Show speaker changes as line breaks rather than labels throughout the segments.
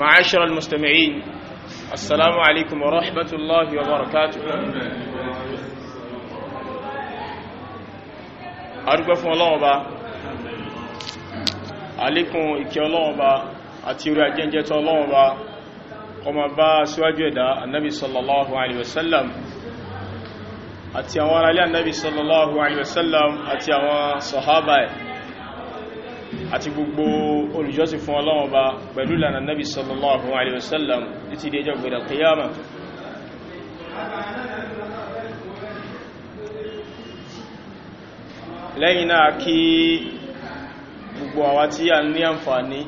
معاشر المستمعين السلام عليكم ورحمة الله وبركاته arúgbẹ́ fún ọlọ́wọ́ bá alékún ìkẹ́ ọlọ́wọ́ bá àti orí ajẹ́jẹ́ tó ọlọ́wọ́ bá kọmọ bá síwájú ẹ̀dá annabi sallallahu alaihi wasallam àti àwọn aráalé annabi sallallahu alaihi wasallam àti àwọn sọ̀hábà ẹ̀ àti gbogbo olùjọ́sìn fún Ọlọ́run Ọba pẹ̀lú ìlànà Nabi sallallahu alaihi wasallam títí dé ọjọ́ gbẹ̀rẹ̀ kìyàmà lẹ́yìn náà kí gbogbo àwa tí a ní àǹfààní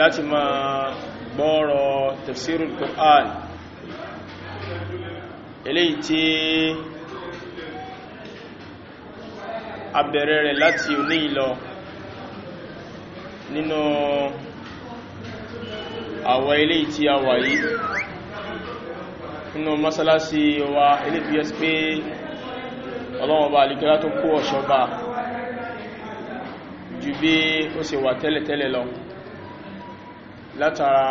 láti máa gbọ́rọ̀ tafsirul Qur'an eléyìí tí a bẹ̀rẹ̀ rẹ̀ láti òní ìlọ nínú àwọ̀ ilé tí a wà yìí nínú masalasi wa ilé fi yẹ́sí pé ọlọ́wọ̀n bá alìkẹ́lá tó kó ọ̀ṣọ́ bá ju bí ó sì wà tẹ́lẹ̀tẹ́lẹ̀ lọ látara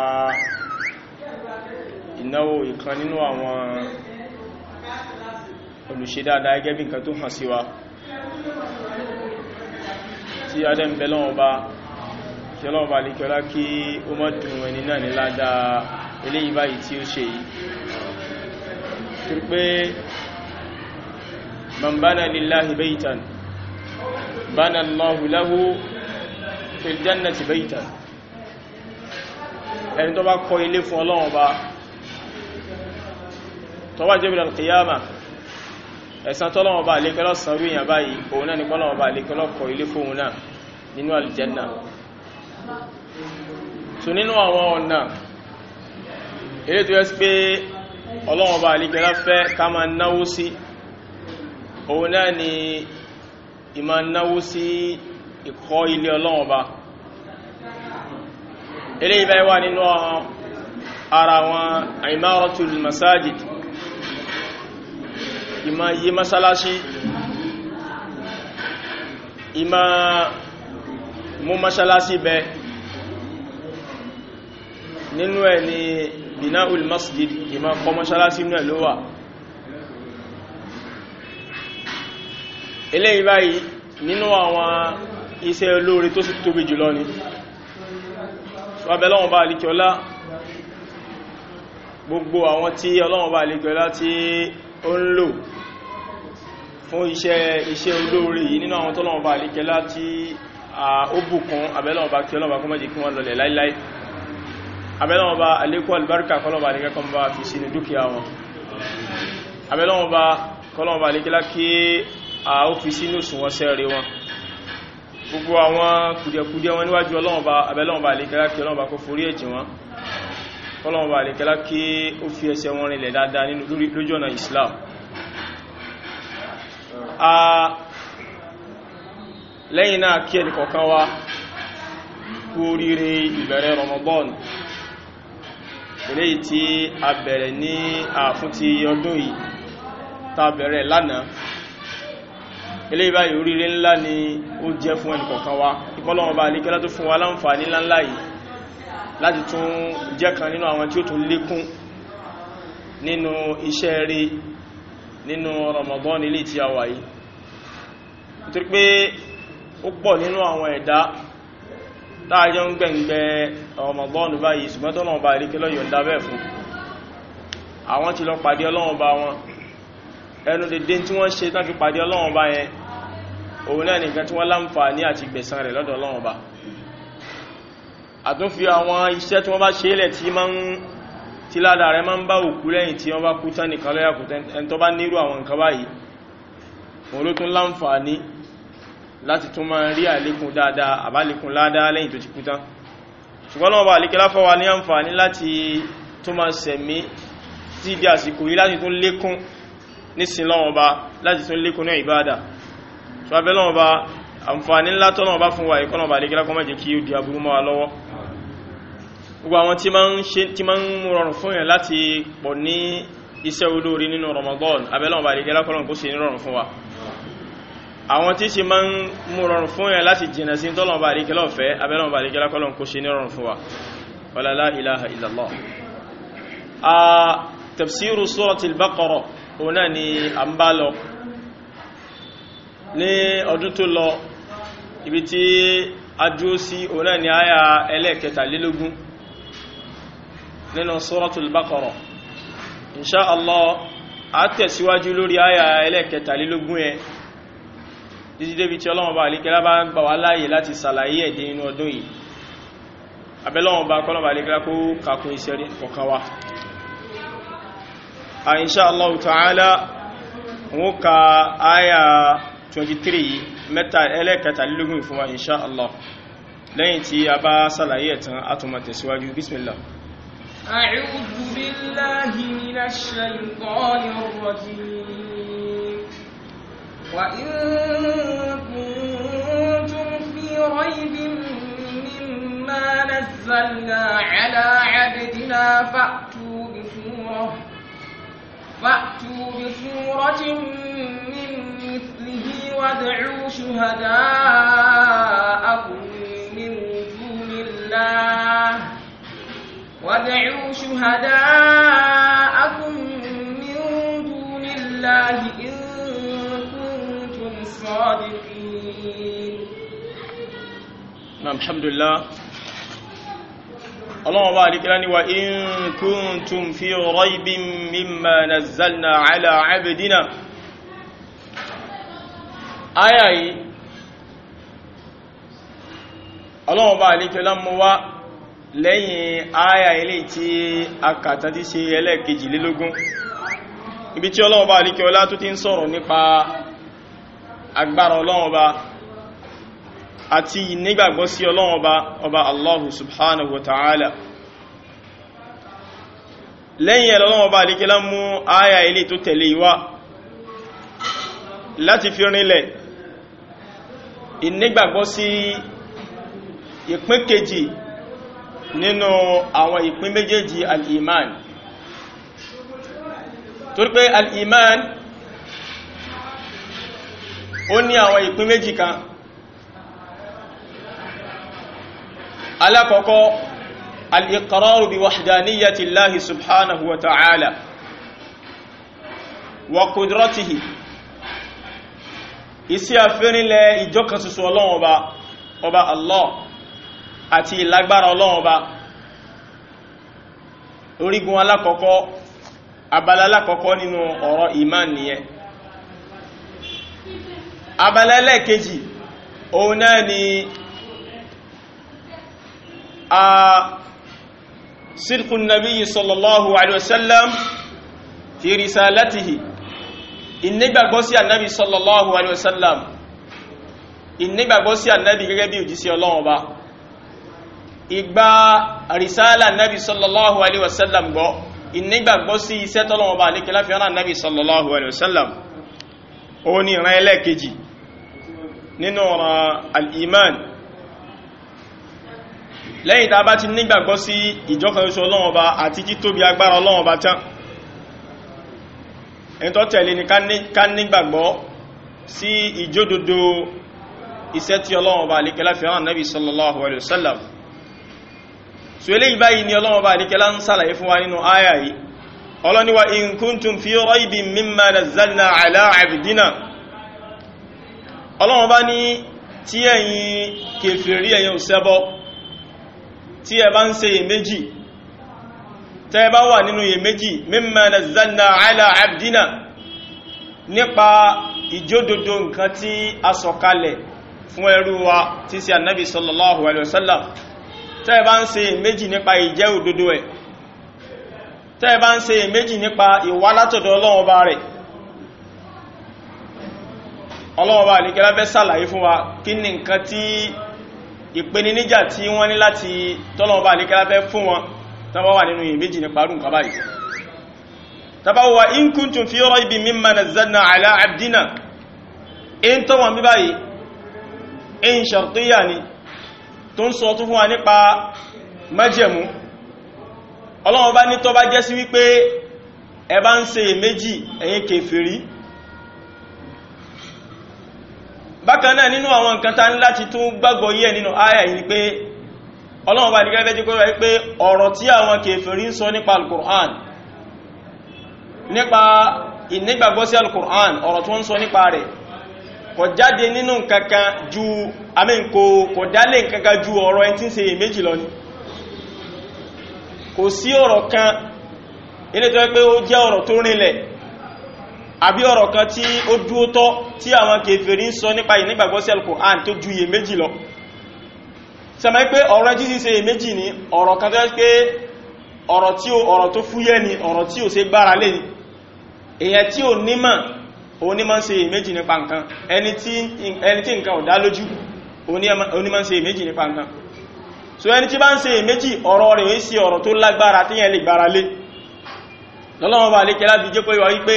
ìnáwó ìkan nínú àwọn olùṣe dáadáa gẹ́gẹ́ bí nǹkan tó hàn sí wa tí adẹ́ ń bẹ́lọ́wọ́n bá kí ọlọ́ọ̀bá alékọ́lá kí ó mọ́ dùn ẹni náà ní ládáa eléyìí báyìí tí ó ṣe yìí tí pé man bana lillahi baytan bana Allahu lahu fil jannati baytan ẹni tó bá kọ́ ilé fún ọlọ́ọ̀bá tó bá jẹ́ al-qiyama ẹ̀san tọ́lọ́wọ́ bá aljanna so nínú àwọn ọ̀nà eré tó yẹ sí pé ọlọ́wọ́n bá àlíkẹ́lá fẹ́ ká máa náwó sí òun náà ni ìmá náwó sí ìkọ́ ilé ọlọ́wọ́n bá eré ibá wà nínú ara wọn àìmáratul masajid ìmá yí masalasi ìmá mú masalasi bẹ́ẹ̀ nínú ẹ̀ ni bina ulmasjid ìmá kọmọ́ṣálásí inú ẹ̀ ló wà eléyìí báyìí nínú àwọn iṣẹ́ olóore tó sì tóbi jùlọ ni ṣwàbẹ̀lọ́wọ̀n bá alikiola gbogbo àwọn tí ọlọ́wọ̀n bá alikiola tí ó ń lò fún iṣẹ́ iṣẹ́ olóore yìí nínú àwọn tọ́lọ́wọ̀n bá alikiola tí ó bùkún abẹ́lọ́wọ̀n bá kí ọlọ́wọ̀n bá kọ́mọ́jì kí wọ́n lọlẹ̀ láíláí abẹ́lọ́wọ́ bá alékọ́ albarka kọlọ̀bà alékẹ́ kan bá fi sínú dúkìá wọn abẹ́lọ́wọ́ bá kọlọ̀bà alékẹ́ lákí a ó fi sínú sùnwọ́sẹ́ rẹ̀ wọn gbogbo àwọn kùdẹ̀kùdẹ̀ wọn níwájú abẹ́lọ́wọ́ alékẹ́ lákí ọlọ́wọ́ kó forí ẹ̀jì wọn kọlọ̀bà alékẹ́ lákí ó fi ẹsẹ̀ wọn rinlẹ̀ dáadáa nínú lójú ọ̀nà Islam lẹ́yìn náà kí ẹnìkọ̀ọ̀kan wá kú oríire ìbẹ̀rẹ̀ Ramadan eléyìí tí a bẹ̀rẹ̀ ní àfún ti ọdún yìí tá a bẹ̀rẹ̀ lánàá eléyìí báyìí oríire ńlá ni ó jẹ́ fún ẹnì kọ̀ọ̀kan wa ìkọlọ́wọ́n bá alékẹ́lá tó fún wa láǹfààní ńláńlá yìí láti tún jẹ́ kan nínú àwọn tí ó tún lékún nínú iṣẹ́ rí nínú Ramadan ilé tí a wà yìí nítorí pé táàjọ ń gbẹ̀ǹgbẹ̀ ọmọgbọ́nù báyìí ṣùgbọ́n tó lọ́wọ́ bá rí kílọ̀ yọ̀ǹda bẹ́ẹ̀ fún àwọn ti lọ pàdé ọlọ́wọ́ bá wọn ẹnu dédé tí wọ́n ṣe tán fi pàdé ọlọ́wọ́ bá yẹn òun náà nìkan tí wọ́n láǹfààní àti gbẹ̀san rẹ̀ lọ́dọ̀ ọlọ́wọ́ bá àtúnfi àwọn láti tún máa rí àlékún dáadáa àbálékún ládá lẹ́yìn tó ti kú tán ṣùgbọ́n náà bá àlékẹ́ láfọwà ní àǹfààní láti tún máa sẹ̀mí tí di àsìkò yìí láti tún lékún nísìn lọ́wọ́n bá láti tún lékún ní ìbáadà tó abẹ́ lọ́wọ́n bá àǹfààní ńlá Ramadan abẹ́ lọ́wọ́n bá àlékẹ́ lákọ́ náà àwọn tí sì máa ń mú rọrùn fún ẹ láti jìnà sí tọ́lọ̀mọba àríkẹ́lọ́ fẹ́ abẹ́lọ́mọba àríkẹ́lá kọ́lọ̀n kó ṣe ní rọrùn fún wa wala la ilaha illallah a tafsiru suratul baqara òun náà ni a ń bá lọ ní ọdún tó lọ ibi tí a Allah a tẹ̀síwájú lórí àyà ẹlẹ́ẹ̀kẹtàlélógún yẹn títí débi tí ọlọ́wọ́n bá àlékẹ́lá bá gbà wá láàyè láti sàlàyé ẹ̀dẹ́ inú ọdún yìí abẹ́lọ́wọ́n bá kọ́lọ́wọ́n bá àlékẹ́lá kó kàkún iṣẹ́ rí ọ̀kan wa a insha Allah ta'ala wọ́n ka áyà 23 yìí mẹ́ta ẹlẹ́kẹtàlélógún fún wa insha Allah lẹ́yìn tí a bá sàlàyé ẹ̀tàn átùmọ̀ tẹ̀síwájú bismillah أعوذ بالله من الشيطان الرجيم وإن كنتم في ريب مما نزلنا على عبدنا فأتوا بسورة فأتوا بسورة من مثله وادعوا شهداءكم من دون الله وادعوا شهداءكم من دون الله إن الصادقين نعم الحمد لله اللهم بارك لنا وإن كنتم في ريب مما نزلنا على عبدنا آية آي اللهم بارك لنا lẹ́yìn àyà ilé tí a kàtà tí ṣe ẹlẹ́kejìlélógún ibi tí ọlọ́wọ́ bá àríkẹ́ ọlá tó ti ń sọ̀rọ̀ nípa agbára ọlọ́run ọba àti ìnígbàgbọ́ sí ọlọ́run ọba ọba allahu subhanahu wa ta'ala lẹ́yìn ẹ̀lọ́run ọba àdíkẹ́lá mú àyà ilé tó tẹ̀lé ìwá láti fi rinlẹ̀ ìnígbàgbọ́ sí ìpín kejì nínú àwọn ìpín méjèèjì al-iman torípé al-iman ó ní àwọn ìpín méjì kan alákọ̀ọ́kọ́ al-iqraru bi wahdaniyyati Allahi subhanahu wa ta'ala wa qudratihi isi àfẹ́rinlẹ̀ ìjọkan ṣoṣo ọlọ́run ọba ọba Allah àti ìlágbára ọlọ́run ọba orígun alákọ̀ọ́kọ́ abala nínú ọ̀rọ̀ iman nìyẹn abala ẹlẹ́ẹ̀kejì òun náà ni a sídkùn nàbí sallallahu alaihi wasallam fi risalatihi ìnígbàgbọ́ sí ànábì sallallahu alaihi wasallam ìnígbàgbọ́ sí ànábì gẹ́gẹ́ bí òjíṣẹ́ Ọlọ́run ba ìgbà risala ànábì sallallahu alaihi wasallam gbọ́ ìnígbàgbọ́ sí iṣẹ́ tọ́lọ́run ba ní kí láfi ọ́nà ànábì sallallahu alaihi wasallam ó ní ìran ẹlẹ́ẹ̀kejì nínú ọ̀rọ̀ al-iman lẹ́yìn tá a bá ti nígbàgbọ́ sí ìjọkan oṣù Ọlọ́run Ọba àti títóbi agbára Ọlọ́run Ọba tán ẹ̀ntọ́ tẹ̀lé ni ká nígbàgbọ́ sí ìjódodo iṣẹ́ tí Ọlọ́run Ọba àlíkẹ́lá fi hàn Nábì sallallahu alaihi wasallam so eléyìí báyìí ni Ọlọ́run Ọba àlíkẹ́lá ń sàlàyé fún ọlọ́run bá ní tí ẹ̀yin kèfèrí ẹ̀yin òṣẹ́bọ́ tí ẹ bá ń ṣe iyèméjì tẹ́ bá wà nínú iyèméjì mimma nazzalna ala abdina nípa ìjódodo nǹkan tí a sọ̀kalẹ̀ fún ẹrú wa tí sí annabi sallallahu alaihi wasallam tẹ́ bá ń ṣe iyèméjì nípa ìjẹ́ ọlọ́wọ́ba àlíkẹ́lá fẹ́ sàlàyé fún wa kí ni nǹkan tí ìpeniníjà tí wọ́n ní láti tọ́lọ́wọ́ba àlíkẹ́lá fẹ́ fún wọn tọ́bá wà nínú ìméjì nípa rú nǹkan báyìí tọ́bá wà in kuntum fi raybi mimma nazzalna ala abdina in tó wọn bí báyìí in shartiya ni tó ń sọ tó fún kèfèrí bákan náà nínú àwọn nǹkan tá ní láti tún gbàgbọ́ yẹ nínú àyà yìí pé ọlọ́run bá nígbà fẹ́jẹ́ kóyọ̀ pé ọ̀rọ̀ tí àwọn kèfèrí ń sọ nípa alukur'an nípa ìnígbàgbọ́ sí alukur'an ọ̀rọ̀ tó ń sọ nípa rẹ̀ kò jáde nínú kankan ju amínkò kò dálé ju ọ̀rọ̀ ẹni tí ń ṣe èméjì lọ ni kò àbí ọ̀rọ̀ kan tí ó dúó tọ́ tí àwọn kèfèrí ń sọ nípa ìnígbàgbọ́ sí Al-Qur'an tó ju iye méjì lọ sẹ́mọ̀ pé ọ̀rọ̀ jíjí ṣe iye méjì ní ọ̀rọ̀ kan tó pé ọ̀rọ̀ tí ó tó fúyẹ́ ni ọ̀rọ̀ tí ó ṣe gbára lé ni èyàn tí ó nímọ̀ onímọ̀ ṣe iye méjì nípa nǹkan ẹni tí nǹkan ò dá lójú onímọ̀ ṣe iye méjì nípa nǹkan so ẹni tí bá ń ṣe iye méjì ọ̀rọ̀ rẹ̀ ó sì ọ̀rọ̀ tó lágbára tíyẹn lè gbára lé lọ́lọ́wọ́ bá lè jẹ́ pé wà wípé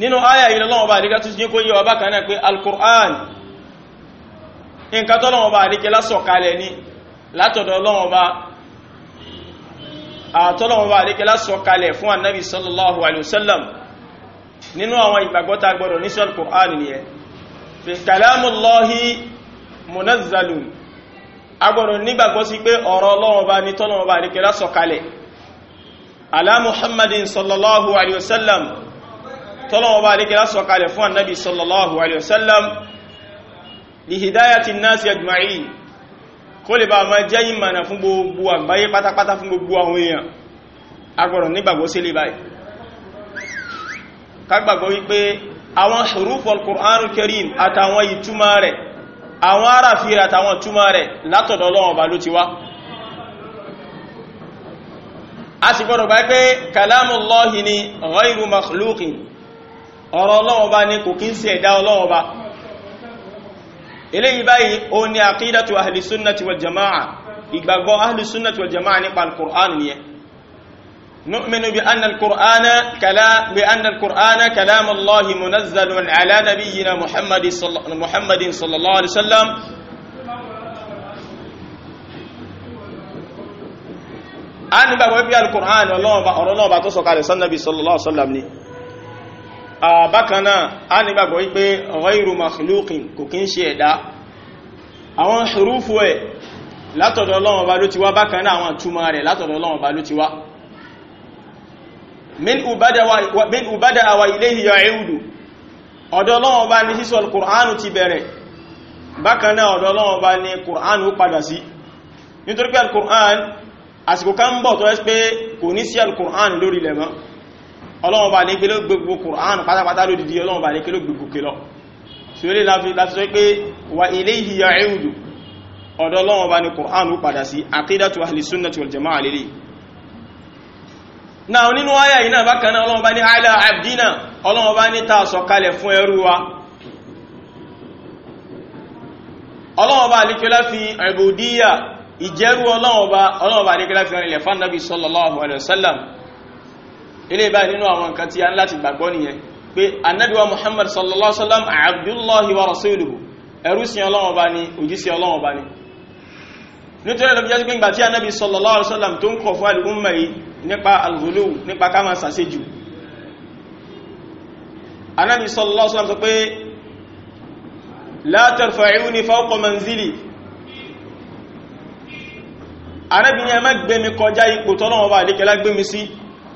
nínú ayà ìlọ́lọ́wọ́ bá àríkà tó jẹ́ kó yíwa bá kanáà pé alkùrán nǹkan tọ́lọ́wọ́ bá àríkà lásọ̀kalẹ̀ ní látọ̀dọ̀ tọ́lọ́wọ́ bá àríkà lásọ̀kalẹ̀ fún annabi sallallahu alaihi wasallam nínú àwọn ìgbàgbọ́ta gbọ́dọ̀ ní alkùrán ni ẹ fi kalamullahi munazzalun agbọ́dọ̀ nígbàgbọ́ sí pé ọ̀rọ̀ ọlọ́wọ́ bá ala muhammadin sallallahu alaihi wasallam tọ́lọ́wọ́ bá alékẹ́lá sọ̀kalẹ̀ fún annabi sallallahu alaihi wasallam li hidayati nasi ajma'in kó lè bá ma jẹ́ ìmànà fún gbogbo àgbáyé pátápátá fún gbogbo àwọn èèyàn agbọ̀rọ̀ nígbàgbọ́ sí lè báyìí ká gbàgbọ́ wípé àwọn hurufu al-Qur'anul Karim àtàwọn ìtumá rẹ̀ àwọn aráfí rẹ̀ àtàwọn ìtumá ti wá a sì gbọ́dọ̀ báyìí pé kalamullahi ni ghayru ọ̀rọ̀ ọlọ́run bá ní kò kí ń sí ẹ̀dá ọlọ́run bá eléyìí báyìí ó ní àkídàtù ahlùsúnnàtì wal jama'a ìgbàgbọ́ ahlùsúnnàtì wal jama'a nípa al-Qur'an nìyẹn nu'minu bi anna al-Qur'ana kala bi anna al-Qur'ana kalamu Allahi munazzalun ala nabiyyina Muhammadin sallallahu alaihi wasallam a nígbàgbọ́ bí al-Qur'an ọlọ́run bá tó sọ̀kalẹ̀ sannabi sallallahu alaihi wasallam ni àbákanáà a nígbàgbọ́ wípé ghayru makhluqin kò kí ń ṣe ẹ̀dá àwọn hurufu ẹ̀ látọ̀dọ̀ Ọlọ́run Ọba ló ti wá bákanáà àwọn túnmọ̀ rẹ̀ látọ̀dọ̀ Ọlọ́run ló ti wá ubada wa ilayhi ya'udu ọ̀dọ̀ Ọlọ́run Ọba ní sísọ al-Qur'anu ti bẹ̀rẹ̀ bákanáà ọ̀dọ̀ Ọlọ́run Ọba ní Qur'anu padà sí nítorí pé al-Qur'an àsìkò kan bọ̀ tó ẹ́ pé kò ní sí al lórí lẹ́mọ́ ọlọ́run bá lékè ló gbogbo kùránù pátápátá ló dìdí ọlọ́run bá lékè ló gbogbo kè lọ ṣeré láti sọ pé wà ilé ìhìyà ẹ̀rùdù ọ̀dọ̀ ọlọ́run bá ní kùránù padà sí àkídàtù ahìlìsúnnàtù ọ̀jẹ̀má àlélè náà nínú ayà yìí náà bákan náà ọlọ́run bá ní àìlà àbdínà ọlọ́run bá ní ta sọ kalẹ̀ fún ẹrú wa ọlọ́run bá lékè láfi ẹ̀bùdíyà ìjẹ́rú ọlọ́run bá lékè láfi rìnlẹ̀ fánàbí sallallahu alaihi wasallam ilé ìbáyìí nínú àwọn nǹkan tí a ní láti gbàgbọ́ nìyẹn pé anábíwá muhammad sallallahu alaihi wasallam abdullahi wa rasuluhu ẹrú sí ọlọ́wọ́ bá ní òjísí ọlọ́wọ́ bá ní nítorí lọ́bí jẹ́ gbígbà tí anábí sallallahu alaihi wasallam tó ń kọ̀ fún al'umma yìí nípa al-ghulu nípa ká máa sàṣejù anábí sallallahu alaihi wasallam sọ pé la tarfa'uni fawqa manzili anábí ni ẹ má gbé kọjá ipò tọ́lọ́wọ́ bá àdékẹ́lá gbé mi sí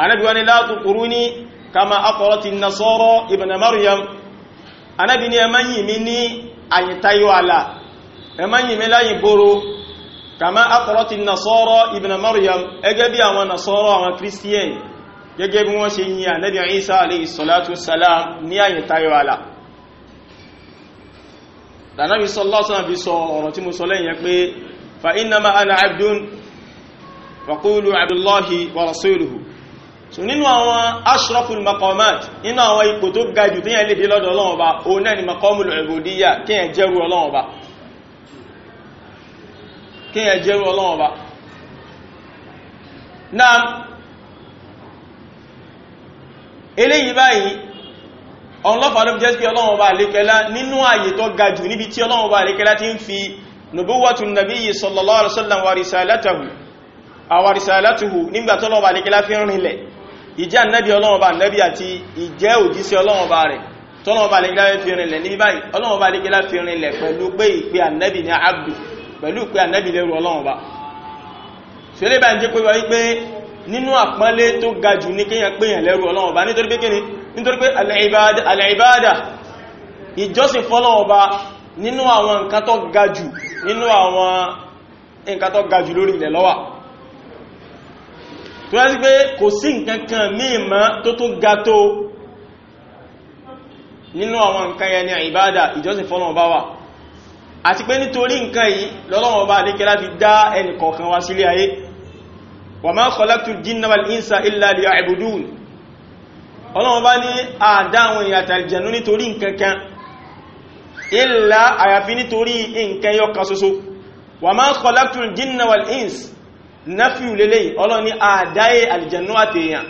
anábi wani látù kúrú ní kama akọrọtí nasọ́rọ̀ ibn maryam anábi ni ẹmọ́yìn mi ní àyíntayọ àlà ẹmọ́yìn mi láyìn bóró kama akọrọtí nasọ́rọ̀ ibn maryam ẹgẹ́ bí àwọn nasọ́rọ̀ àwọn christian gẹ́gẹ́ bí wọ́n ṣe yí anábi isa alayhi salatu salam ní àyíntayọ àlà lànàbí sọ́lọ́sọ́nà fi sọ ọ̀rọ̀ tí mo sọ lẹ́yìn pé fa so nínú àwọn ashraful maqamat nínú àwọn ipò tó ga jù tí yẹn lè dé lọ́dọ̀ ọlọ́run ọba òun náà ni maqamul ubudiyya kí yẹn jẹ́rú ọlọ́run ọba kí yẹn jẹ́rú ọlọ́run náà eléyìí báyìí ọ̀n ló fi jẹ́ sí ọlọ́run nínú ààyè tó ga níbi tí ọlọ́run ọba àlékẹ́lá ti ń fi nubuwatu nabiyyi sallallahu alaihi wasallam wa risalatuhu nígbà fi ń rinlẹ̀ ìjẹ́ ànẹ́bí ọlọ́wọ́ba ànẹ́bí àti ìjẹ́ òjísí ọlọ́wọ́ba rẹ̀ tọ́lọ́wọ́ba àlejò láfi fi rinlẹ̀ níbi báyìí ọlọ́wọ́ba àlejò láfi rinlẹ̀ pẹ̀lú pé ìpè ànẹ́bí ní abdu pẹ̀lú pé ànẹ́bí lẹ́rù ọlọ́wọ́ba ṣẹlẹ̀ bá ń jẹ́ pé wáyé pé nínú àpọ́nlé tó ga jù ní kéèyàn pé yàn lẹ́rù ọlọ́wọ́ba nítorí pé kíni nítorí pé al-ibada ìjọsìn fọ́lọ́wọ́ba nínú àwọn nǹkan tó ga jù nínú àwọn nǹkan tó ga jù lórí ilẹ̀ lọ́wọ́ tó yá sí pé kò sí nǹkan kan ní ìmọ̀ tó tún ga tó nínú àwọn nǹkan yẹn ni ìbádà ìjọsìn fọ́lọ́wọ́ bá wà àti pé nítorí nǹkan yìí lọ́lọ́wọ́ bá lè kẹ́lá dá ẹnì wá sílé ayé wa ma khalaqtu jinna wal insa illa liya'budun ọlọ́wọ́ bá ní àdáwọn ìyàtà ìjẹ̀nú nítorí nǹkan illa àyàfi nítorí nǹkan yọkan ṣoṣo wa ma khalaqtu jinna wal nafiu lele ọlọ́ni àdáyé alìjẹ̀nú àtèyàn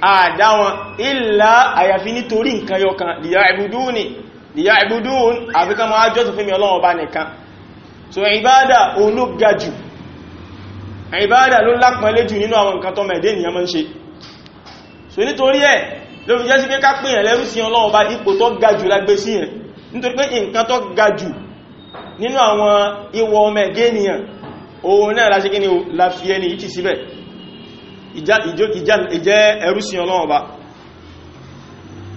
àdá wọn ìlà àyàfi nítorí nǹkan yọkan lìyà ìbúdún ni lìyà ìbúdún àfikà máa jọ́sìn fún mi ọlọ́wọ́ bá nìkan so ìbádà ológajù ìbádà ló lápọ̀lé jù nínú àwọn nǹkan tó mẹ̀dé ènìyàn mọ́ ṣe so nítorí ẹ̀ ló fi jẹ́ sí pé kápẹ́ yẹn lẹ́rú sí ọlọ́wọ́ bá ipò tó gajù lágbé sí yẹn nítorí pé nǹkan tó gajù nínú àwọn ìwọ̀ ọmọ òun náà láti kí ni la fi ẹni ìtì síbẹ̀ ìjẹ́ ẹrúsìn ọlọ́wọ́ bá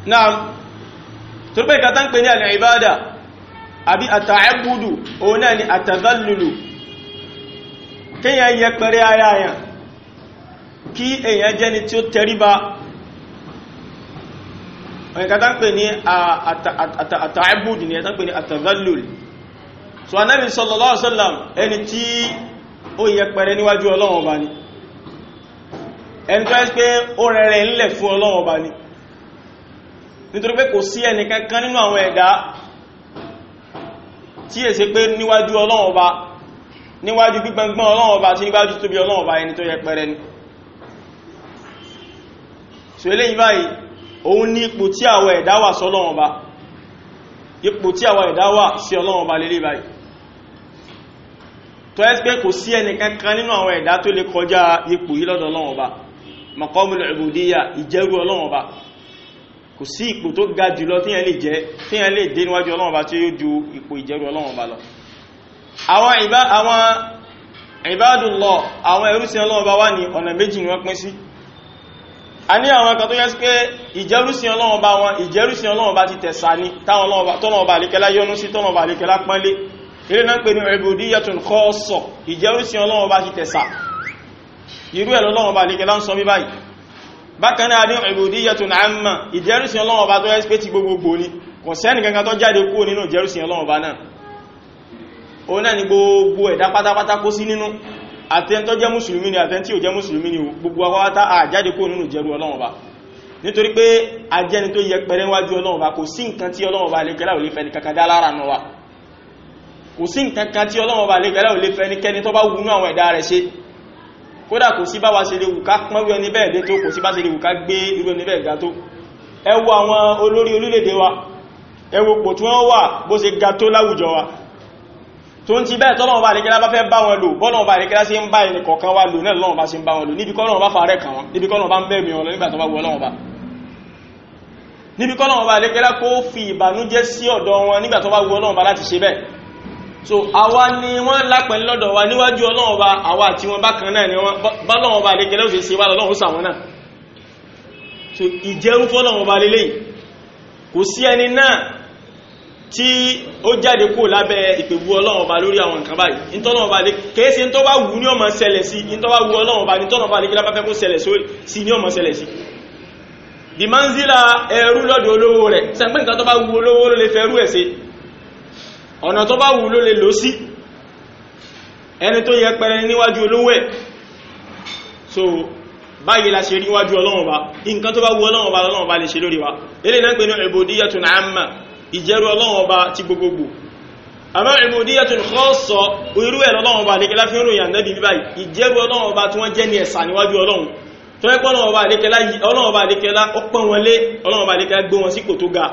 náà tó pẹ́ ìkàtà ń pè ní alẹ́ àbí àtàẹ́bùdù òun náà ni àtàzálùlù kíyàn yẹ pẹ̀rẹ́ ara àyàn kí èyàn jẹ́ni tí ó tẹríba ìkàtà ń pè ní àtàẹ́bùdù ni ẹ̀tà ń pè ní àtàzálùlù so anabi sallallahu alaihi wasallam ẹni tí ó yẹ pẹ̀rẹ níwájú ọlọ́run ọba ni ẹni tó ẹ́ pé ó rẹ̀rẹ̀ ńlẹ̀ fún ọlọ́run ọba ni nítorí pé kò sí ẹni kankan nínú àwọn ẹ̀dá tí è ṣe pé níwájú ọlọ́run ọba níwájú gbígbẹ̀ngbọ́n ọlọ́run ọba tí níwájú tóbi ọlọ́run ọba ẹni tó yẹ pẹ̀rẹ ni so eléyìí báyìí òun ní ipò tí àwọn ẹ̀dá wà sí ọlọ́run ọba ipò tí àwọn ẹ̀dá wà sí ọlọ́run ọba lélẹ́ báyìí tó ẹ́ pé kò sí ẹnìkan kan nínú àwọn ẹ̀dá tó lè kọjá ipò yìí lọ́dọ̀ Ọlọ́run Ọba maqamul ubudiyya ìjẹ́rú Ọlọ́run Ọba kò sí ipò tó ga jùlọ tíyẹn lè jẹ́ tíyẹn lè dé níwájú Ọlọ́run Ọba tí ó ju ipò ìjẹ́rú Ọlọ́run Ọba lọ àwọn ìbádùlọ àwọn ẹrúsìn Ọlọ́run Ọba wà ní ọ̀nà méjì ni wọ́n pín a ní àwọn kan tó yẹ sí pé ìjẹ́rúsìn Ọlọ́run Ọba wọn ìjẹ́rúsìn Ọlọ́run Ọba ti tẹ̀sà ni táwọn Ọba àlékẹ́lá yọ́nú sí tọ́lọ́run Ọba àlékẹ́lá pọ́nlé ilé náà pè ní ubudiyatun khassa ìjẹ́ orísìn ọlọ́wọ́ bá ti tẹ̀sà irú ẹ̀ lọ́wọ́ bá lékẹ́ láń sọ bí báyìí bákan náà ní ubudiyatun amma ìjẹ́ orísìn ọlọ́wọ́ bá tó ẹ́sì pé ti gbogbogbò ni kò sẹ́ni kankan tó jáde kúrò nínú ìjẹ́ orísìn ọlọ́wọ́ bá náà òun náà ni gbogbo ẹ̀dá pátápátá kó sí nínú àtẹn tó jẹ́ mùsùlùmí ni àtẹn tí ò jẹ́ mùsùlùmí ni gbogbo awáwátá àjáde kó nínú ìjẹ́rú ọlọ́wọ́ bá nítorí pé ajẹ́ni tó yẹ pẹ̀rẹ́ ọlọ́wọ́ bá kò sí nǹkan tí ọlọ́wọ́ bá lè kẹ́lá ò lè fẹ́ ní kàkàdá lára náà wa kò sí nǹkan kan tí ọlọ́run ọba lè gẹ́lẹ́ ò lè fẹ́ ẹnikẹ́ni tó bá wúnú àwọn ẹ̀dá rẹ̀ ṣe kódà kò sí bá wa ṣe lè wùká pọ́nrú ẹni bẹ́ẹ̀ dé tó kò sí bá ṣe lè wùká gbé irú ẹni bẹ́ẹ̀ ga tó ẹ wo àwọn olórí orílẹ̀-èdè wa ẹ wo pò tí wọ́n wà bó ṣe ga tó láwùjọ wa tó ń ti bẹ́ẹ̀ tọ́lọ́run ọba lè gẹ́lẹ́ bá fẹ́ bá wọn lò bọ́lọ́run ọba lè gẹ́lẹ́ sí ń bá ẹnì kọ̀ọ̀kan wa lò náà lọ́run ọba sí ń bá wọn lò níbi kọ́lọ́run ọba fàárẹ̀ kàn wọ́n níbi kọ́lọ́run ọba ń bẹ̀rẹ̀ wọn lọ nígbà tó bá wọ ọlọ́run ọba níbi kọ́lọ́run ọba lè gẹ́lẹ́ kó fi ìbànújẹ́ sí ọ̀dọ̀ wọn nígbà tó bá wọ ọlọ́run ọba láti ṣe bẹ́ẹ̀ so àwa ni wọ́n lápẹ̀lẹ́ lọ́dọ̀ wa níwájú ọlọ́run ọba àwa àti wọn bákan náà ni wọ́n bá lọ́run ọba àlejò lẹ́wọ̀n ṣe wá lọ́run sàwọn náà so ìjẹun fọ́lọ́run ọba lélẹ́yìn kò sí ẹni náà tí ó jáde kó lábẹ́ ìpèbú ọlọ́run ọba lórí àwọn nǹkan báyìí ìtọ́nà ọba lè kéèsì tó bá wù ní ọmọ ṣẹlẹ̀ sí ìtọ́ bá wù ọlọ́run ọba nítọ́nà ọba lè kí lábẹ́fẹ́ kó ṣẹlẹ̀ sí ní ọmọ ṣẹlẹ̀ sí bí manzila ẹrú lọ́dọ̀ olówó rẹ̀ sẹ́pẹ́ nǹkan tó bá wù olówó ló lè fẹ́ rú ẹ̀ sí ọ̀nà tó bá wù ló lè lò sí ẹni tó yẹ pẹrẹ níwájú olówó so báyìí la ṣe rí wájú ọlọ́run ba nǹkan tó bá wù ọlọ́run ba lọ́lọ́run ba lè ṣe lórí wa eléyìí náà ń pè ní ubudiyatun amma ìjẹ́rú ọlọ́run ba ti gbogbogbò àmọ́ ubudiyatun khassa irú ba lékelá fi ń ròyìn ànábì bí báyìí ìjẹ́rú ọlọ́run ba tí wọ́n jẹ́ ní ẹ̀sà níwájú ọlọ́run tó yẹ pé ọlọ́run ba ga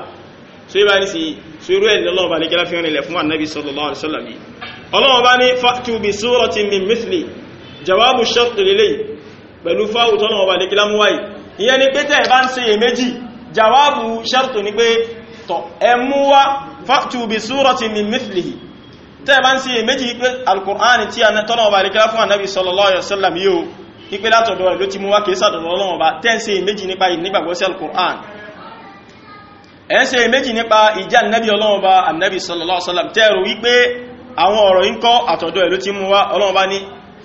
so yíba ní sí so irú ẹni lọ́wọ́ bá lẹ́gẹ́lá fi hàn ilẹ̀ fún annabi sallallahu alaihi wasallam yìí ọlọ́wọ́ bá ní fa'tu bi surati min mithli jawabu shart lele pẹ̀lú fáwù tọ́lọ́wọ́ bá lẹ́gẹ́lá mú ń ṣe èméjì pé tọ̀ ẹ mú wá fa'tu bi surati min mithli tẹ́ ẹ bá ń pé látọ̀dọ̀ ló ti mú wá kìí sàdọ̀dọ̀ bá tẹ́ ń ṣe nípa ìnígbàgbọ́sí alukur'an ẹ̀ ń ṣe méjì nípa ìjà nẹ́bí ọlọ́run bá ànẹ́bí sallallahu alaihi wasallam tẹ́rù wípé àwọn ọ̀rọ̀ yìí kọ́ àtọ̀dọ̀ ẹ̀ ló ti mú wá ọlọ́run bá ní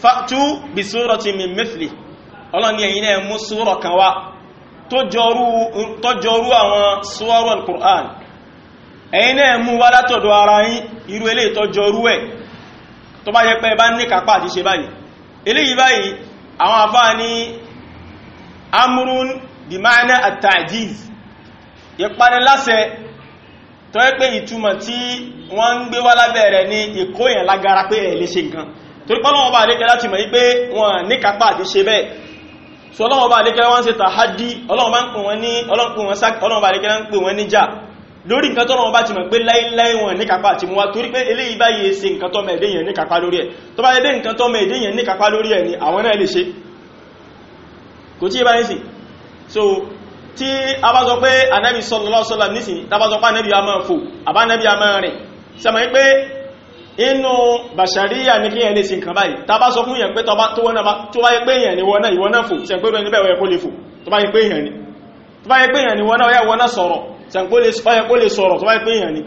fa'tu bi suratin min mithli ọlọ́run ní ẹ̀yin náà mú súrọ̀ kan wá tọ́jọrú àwọn súwárọ̀ al-Qur'an ẹ̀yin náà mú wá látọ̀dọ̀ ara ìpaniláṣẹ tó yẹ pé ìtumọ̀ tí wọ́n ń gbé wá lábẹ́ rẹ̀ ní ìkó èèyàn lágara pé ẹ̀ lè ṣe nǹkan torí pọ́lọ́wọ́ bá àlékẹ́ láti mọ̀ wípé wọn ní kápá àti ṣe bẹ́ẹ̀ so ọlọ́wọ́ bá àlékẹ́ wọ́n ṣe tàhádí ọlọ́wọ́ bá ń pè wọ́n ní ọlọ́wọ́ bá àlékẹ́ ń pè tó lọ́wọ́ ti mọ̀ pé láíláí wọn ní àti mú torí pé eléyìí bá yẹ ṣe nǹkan tọ́mọ ẹ̀dẹ́ yẹn ní lórí ẹ̀ tó bá yẹ nǹkan tọ́mọ ẹ̀dẹ́ yẹn ní lórí ẹ̀ ni àwọn náà lè ṣe kò tí ì bá yẹn so tí a bá sọ pé anabi sallallahu alaihi wasallam nísìn tá a bá sọ pé anabi a máa fò àbá anabi a máa rìn sẹ́mọ̀ yí pé inú bàṣàríyà ní kí lè sí nǹkan báyìí tá sọ fún yẹn pé tó bá ni wọ́n náà ìwọ bá ni tó bá pé yẹn ni wọ́n náà ọ̀yẹ́ wọ́n náà sọ̀rọ̀ sẹ́ǹpé ọ̀yẹ́ kó lè sọ̀rọ̀ ni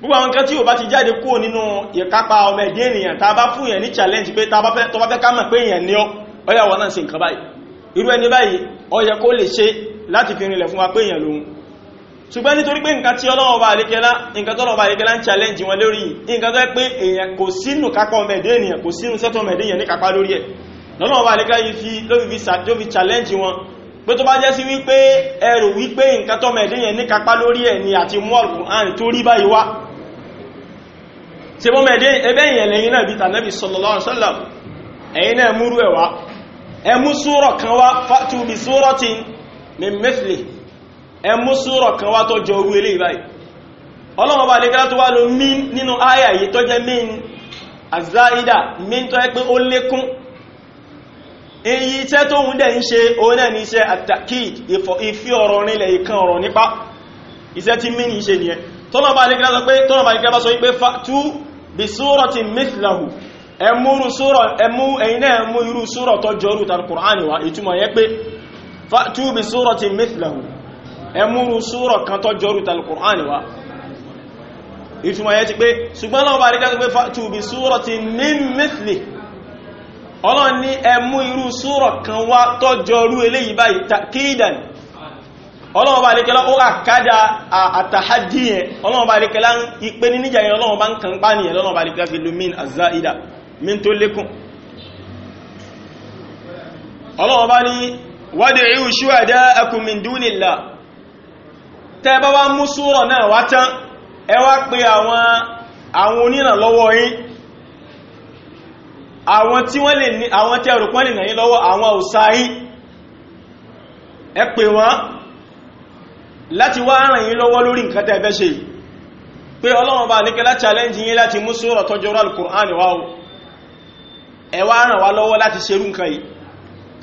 gbogbo àwọn nǹkan tí ò bá ti jáde kúrò nínú ìkápá ọmọ ẹ̀dẹ́ ènìyàn tá a bá fún yẹn ní challenge pé tó láti fi rinlẹ̀ fún wa pé èèyàn lòun ṣùgbọ́n nítorí pé nǹkan tí Ọlọ́run bá àríkẹ́lá nǹkan tọ́lọ́wọ́ bá àríkẹ́lá ń challenge wọn lórí nǹkan tó pé èèyàn kò sínú kápọ̀ mẹ́dé ènìyàn kò sínú sẹ́tọ̀ mẹ́dé èèyàn ní kápá lórí ẹ̀ lọ́lọ́wọ́ bá àríkẹ́lá yìí fi ló fi tó fi challenge wọn pé tó bá jẹ́ sí wípé ẹrù wípé nǹkan tọ́ mẹ́dé èèyàn ní kápá lórí ẹ̀ ni àti mú Al-Qur'an tó rí báyìí wá ṣe bọ́ mẹ́dé ẹbẹ́ èèyàn lẹ́yìn náà bí tànẹ́bì sallallahu min mithli ẹ mú súrọ̀ kan wá tọ́jọ orú ilé ìbáyìí ọlọ́wọ́n bá tó wá lo min nínú àyà yìí tó jẹ́ min azáídà min tó ẹ pé ó lékún èyí iṣẹ́ tó ń dẹ̀ ń ṣe òun náà ní iṣẹ́ àtàkìd ìfi ọ̀rọ̀ nílẹ̀ ìkan ọ̀rọ̀ nípa iṣẹ́ tí min ṣe nìyẹn tọ́nà bá lè kẹ́lá sọ pé tọ́nà bá lè kẹ́lá sọ pé tú súrọ̀ ẹmú ẹ̀yìn náà mú irú súrọ̀ tọ́jọ tàbí kùránì wá ìtumọ̀ yẹ pé fa'tu bi suratin mithlahu ẹmúrú súrọ̀ kan tó jọrù tal Qur'an wa ìtumọ̀ yẹ ti pé ṣùgbọ́n lọ́wọ́ bá rígbà pé fa'tu bi suratin min mithli ọlọ́n ní ẹmú irú súrọ̀ kan wá tó jọrù eléyìí báyìí takidan ọlọ́wọ́ bá rígbà ó àkádà àtàhádìyẹ ọlọ́wọ́ bá rígbà ìpé ní níjà wadi'u shuhada'akum min dunillah tẹ́ bá wá mú súrọ̀ náà wá tán ẹ wá pè àwọn àwọn onírànlọ́wọ́ yín àwọn tí wọ́n lè ní àwọn tẹ́ rò pọ́n lè nàyí lọ́wọ́ àwọn òsá yín ẹ pè wọ́n láti wá ràn yín lọ́wọ́ lórí nǹkan tẹ́ fẹ́ ṣe pé Ọlọ́run bá níkẹ́lá challenge yín láti mú súrọ̀ tọ́jọ́rọ̀ al wá o ẹ ràn wá lọ́wọ́ láti ṣerú nǹkan yìí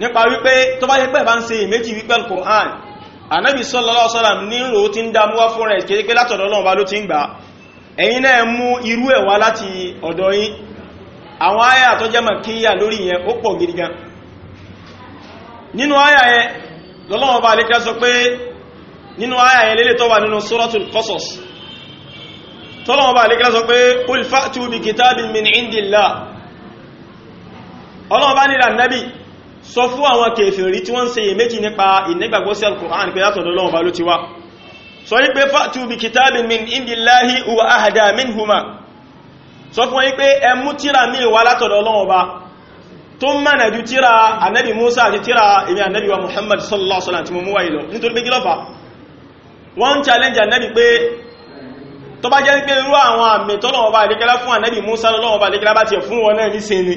nípa wípé tó bá yẹ pé bá ń ṣe ìméjì wípé al-Qur'an anábì sallallahu alaihi wasallam ní rò tí ń dámúwá fún rẹ̀ kéde pé látọ̀dọ̀ Ọlọ́run bá ló ti ń gbà ẹ̀yin náà mú irú ẹ̀ wá láti ọ̀dọ̀ yín àwọn àyà tó jẹ́ màkíyà lórí yẹn ó ọlọ́wọ́ sọ fún àwọn kèfèrí tí wọ́n ń ṣe iyèméjì nípa ìnígbàgbọ́ sí al-Qur'an pé látọ̀dọ̀ Ọlọ́run bá ló ti wá sọ ní pé fa'tu bi kitabin min indillahi huwa ahda minhuma sọ fún yí pé ẹ mú tírà ní ìwà látọ̀dọ̀ Ọlọ́run bá tó mẹ́nà ju tírà annabi Musa àti tírà ìmì annabi wa Muhammad sallallahu alaihi wasallam tí mo mú wáyé lọ nítorí pé gílọ́fà wọ́n challenge annabi pé tó bá jẹ́ pé irú àwọn àmì tọ́lọ́wọ́ bá àdékẹ́lá fún annabi Musa lọ́wọ́ bá àdékẹ́lá bá ti fún wọn náà ní sinmi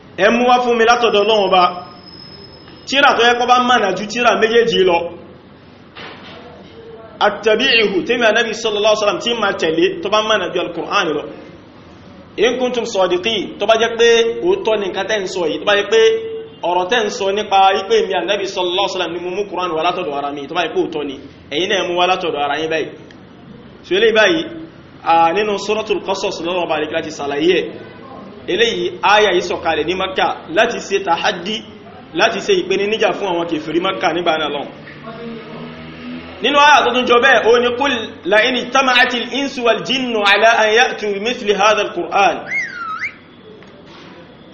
emu wá fún mi látọ̀dọ̀ Ọlọ́run Ọba tíra tó bá ju tíra méjèèjì lọ ihu tí mi ànábì sallallahu tí ma tẹ̀lé tó bá mọ̀nà ju al-Qur'an lọ in kuntum sadiqin tó bá jẹ́ pé òótọ́ ní nǹkan tẹ́ ń sọ yìí tó bá jẹ́ pé ọ̀rọ̀ n ń sọ nípa ipé mi ànábì sallallahu alaihi ni mú ara mi tó bá jẹ́ pé ni eléyìí áyà yìí sọ̀kalẹ̀ ní maka láti ṣe tàhádí láti ṣe ìpèníjà fún àwọn kèfèrí maka nígbà náà lọ́n nínú áyà tó tún jọ bẹ́ẹ̀ ó ní kul la'in ijtama'ati al-insu wal jinnu ala an ya'tu bi mithli hadha al-qur'an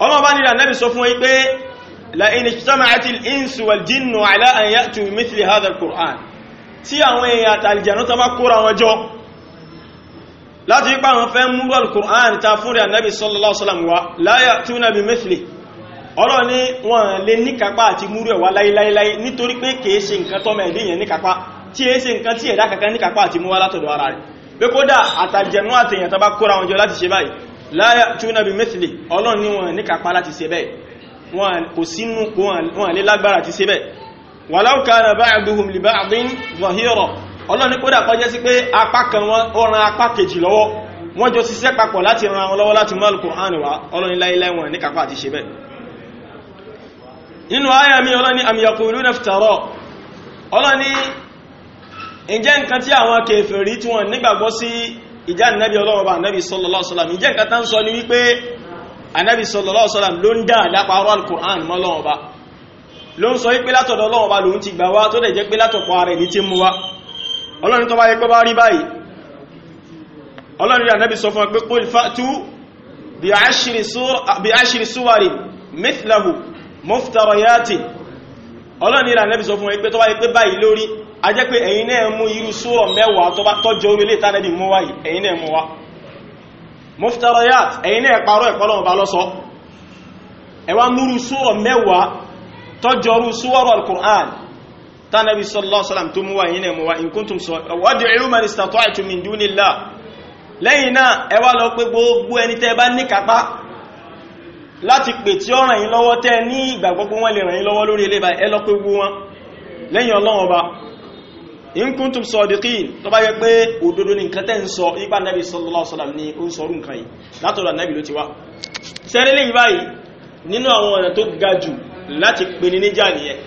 ọmọ bá nílà nábì sọ fún wọ́n pé tó bá kóra wọn láti ipa àwọn fẹ́ mú al-Qur'an ta fúnrí annabi sallallahu alaihi wasallam wa la ya'tuna bimithlihi ọ̀rọ̀ ni wọ́n lè níkapá àti múrú ẹ̀wà láíláíláí nítorí pé kìí ṣe nǹkan tọ́mọ ẹ̀dẹ́yẹn níkapá tí é ṣe nǹkan tí ẹ̀dá kankan níkapá àti mú wá látọ̀dọ̀ ara rẹ̀ pé kódà àtàjẹ̀nú àtẹ̀yàn tàbá kóra wọn jọ láti ṣe báyìí la ya'tuna bimithlihi ọlọ́run ni wọ́n níkapá láti ṣe bẹ́ẹ̀ wọn kò sínú wọn lè lágbára àti ṣe bẹ́ẹ̀ walau kana ba'duhum li ba'din zahira ọlọ́ni kódà kọjẹ́ sí pé apá kan wọn ó ran apá kejì lọ́wọ́ wọ́n jọ ṣiṣẹ́ papọ̀ láti ran wọn lọ́wọ́ láti mọ́ Al-Qur'an wá ọlọ́ni láíláí ní kápá àti ṣe bẹ́ẹ̀ mi ọlọ́ni am yaquluna iftara ọlọ́ni ǹjẹ́ nǹkan tí àwọn kèfèrí tí wọ́n nígbàgbọ́ sí ìjà ànábì ọlọ́wọ́ sallallahu alaihi wasallam ǹjẹ́ nǹkan tán sọ ni sallallahu alaihi wasallam ló ń dá àdáparọ́ Al-Qur'an mọ́ lọ́wọ́ bá ló ń sọ wípé látọ̀dọ̀ ọlọ́wọ́ bá lòun ti gbà wá tó dẹ̀ jẹ́ pé látọ̀pọ̀ ara ẹni tí mú wá ọlọ́run tó bá yẹ pé bá rí báyìí ọlọ́run rí ànábì sọ fún ọ pé qul fa'tu bí ashri suwarin mithlahu muftariyatin ọlọ́run rí ànábì sọ fún ọ pé tó bá yẹ pé báyìí lórí a jẹ́ pé ẹ̀yin náà mú irú súrọ̀ mẹ́wàá tọ́jọ orí tánàbí sallallahu alaihi wasallam tó mú wá yìí nẹ̀ mú wá in kuntum sọ wọ́dí ìrúmọ̀ ní statọ́ìtù min dunillah lẹ́yìn náà ẹ wá lọ pé gbogbo ẹni tẹ́ bá ní kápá láti pè tí ó ràn yín lọ́wọ́ tẹ́ ní ìgbà gbogbo wọn lè ràn yín lọ́wọ́ lórí ilé ẹ lọ pé gbogbo wọn lẹ́yìn ọlọ́run ọba in kuntum sadiqin tó bá yẹ pé